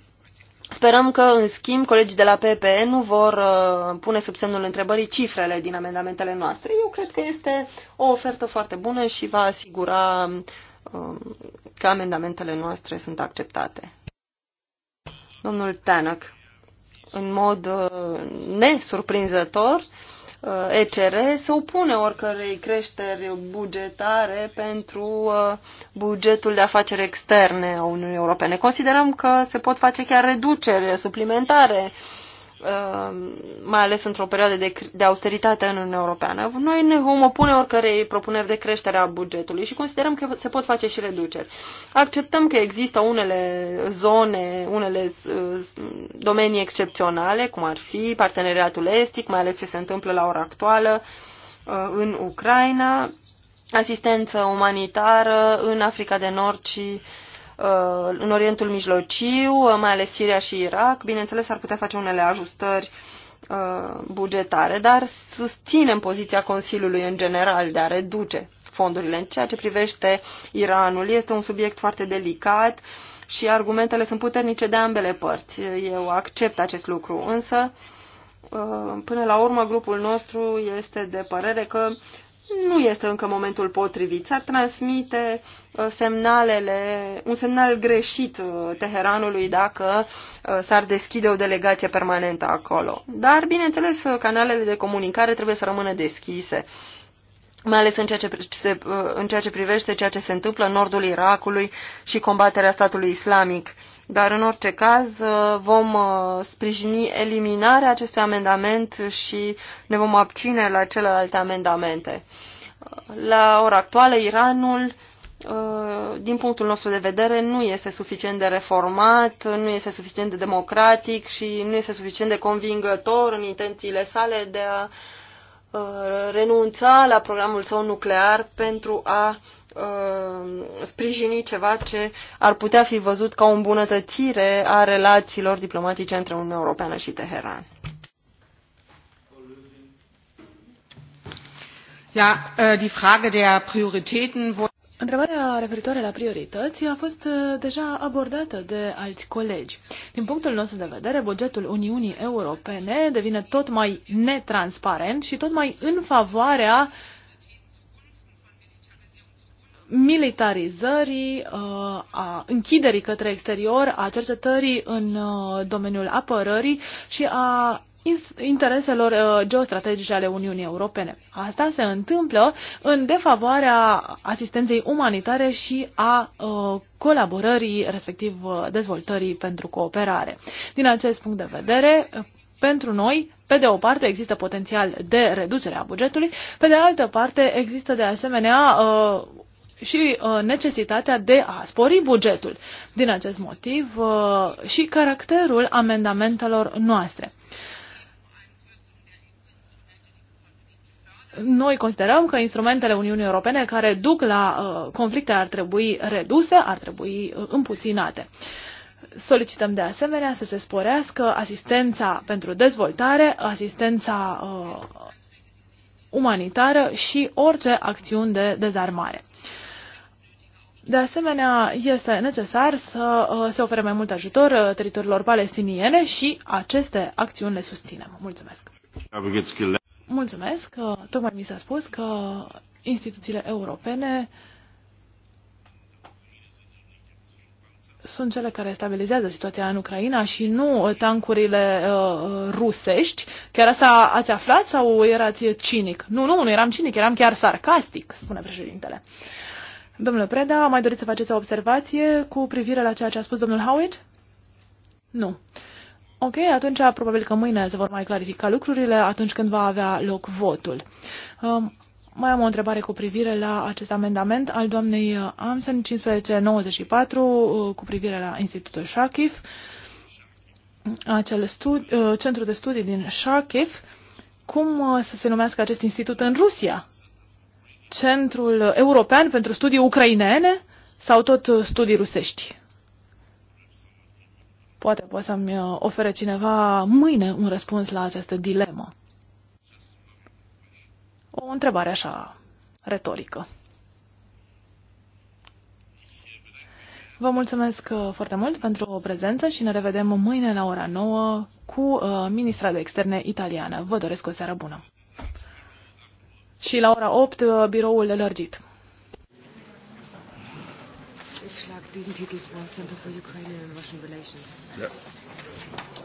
Sperăm că, în schimb, colegii de la PPE nu vor uh, pune sub semnul întrebării cifrele din amendamentele noastre. Eu cred că este o ofertă foarte bună și va asigura um, că amendamentele noastre sunt acceptate. Domnul Tanak, în mod uh, nesurprinzător, Uh, ECR se opune oricărei creșteri bugetare pentru uh, bugetul de afaceri externe a Uniunii Europene. Considerăm că se pot face chiar reduceri suplimentare uh, Uh, mai ales într-o perioadă de, de austeritate în Uniunea Europeană, noi ne vom opune oricărei propuneri de creștere a bugetului și considerăm că se pot face și reduceri. Acceptăm că există unele zone, unele uh, domenii excepționale, cum ar fi parteneriatul estic, mai ales ce se întâmplă la ora actuală uh, în Ucraina, asistență umanitară în Africa de Nord și uh, Uh, în Orientul Mijlociu, uh, mai ales Siria și Irak. Bineînțeles, ar putea face unele ajustări uh, bugetare, dar susținem poziția Consiliului în general de a reduce fondurile. În ceea ce privește Iranul, este un subiect foarte delicat și argumentele sunt puternice de ambele părți. Eu accept acest lucru, însă până la urmă grupul nostru este de părere că nu este încă momentul potrivit. S-ar transmite uh, semnalele, un semnal greșit uh, Teheranului dacă uh, s-ar deschide o delegație permanentă acolo. Dar, bineînțeles, canalele de comunicare trebuie să rămână deschise mai ales în ceea, ce, în ceea ce privește ceea ce se întâmplă în nordul Irakului și combaterea statului islamic. Uh, dar în orice caz uh, vom uh, sprijini eliminarea acestui amendament și ne vom abține la celelalte amendamente. Uh, la ora actuală, Iranul din punctul nostru de vedere, nu este suficient de reformat, nu este suficient de democratic și nu este suficient de convingător în intențiile sale de a renunța la programul său nuclear pentru a Uh, sprijini ceva ce ar putea fi văzut ca o îmbunătățire a relațiilor diplomatice între Uniunea Europeană și Teheran. Ja, uh, die Frage der Prioritäten wurde Întrebarea referitoare la priorități a fost uh, deja abordată de alți colegi. Din punctul nostru de vedere, bugetul Uniunii Europene devine tot mai netransparent și tot mai în favoarea uh, militarizării, uh, a închiderii către exterior, a cercetării în uh, domeniul apărării și a intereselor uh, geostrategice ale Uniunii Europene. Asta se întâmplă în defavoarea asistenței umanitare și a colaborării, respectiv dezvoltării pentru cooperare. Din acest punct de vedere, pentru noi, pe de o parte există potențial de reducere a bugetului, pe de altă parte există de asemenea și uh, necesitatea de a spori bugetul. Din acest motiv uh, și caracterul amendamentelor noastre. Noi considerăm că instrumentele Uniunii Europene care duc la uh, conflicte ar trebui reduse, ar trebui uh, împuținate. Solicităm de asemenea să se sporească asistența pentru dezvoltare, asistența uh, umanitară și orice acțiuni de dezarmare. Uh, de asemenea, este necesar să uh, se ofere mai mult ajutor uh, teritoriilor palestiniene și aceste acțiuni le susținem. Mulțumesc! Mulțumesc! Uh, tocmai mi s-a spus că instituțiile europene sunt cele care stabilizează situația în Ucraina și nu tancurile uh, rusești. Chiar asta ați aflat sau erați cinic? Nu, nu, nu eram cinic, eram chiar sarcastic, spune președintele. Uh, Domnule Preda, mai doriți să faceți o observație cu privire la ceea ce a spus domnul Howitt? Nu. Ok, atunci probabil că mâine se vor mai clarifica lucrurile atunci când va avea loc votul. Um, mai am o întrebare cu privire la acest amendament al doamnei uh, Amsen 1594 uh, cu privire la Institutul Sharkiv, acel studi- uh, centru de studii din Sharkiv. Cum să se numească acest institut în Rusia? Centrul European pentru Studii Ucrainene sau tot studii rusești? Poate poate să-mi uh, ofere cineva mâine un răspuns la această dilemă. O întrebare așa retorică. Vă mulțumesc uh, foarte mult pentru o prezență și ne revedem mâine la ora 9 cu uh, ministra de externe italiană. Vă doresc o seară bună! și la ora 8 uh, biroul lărgit. diesen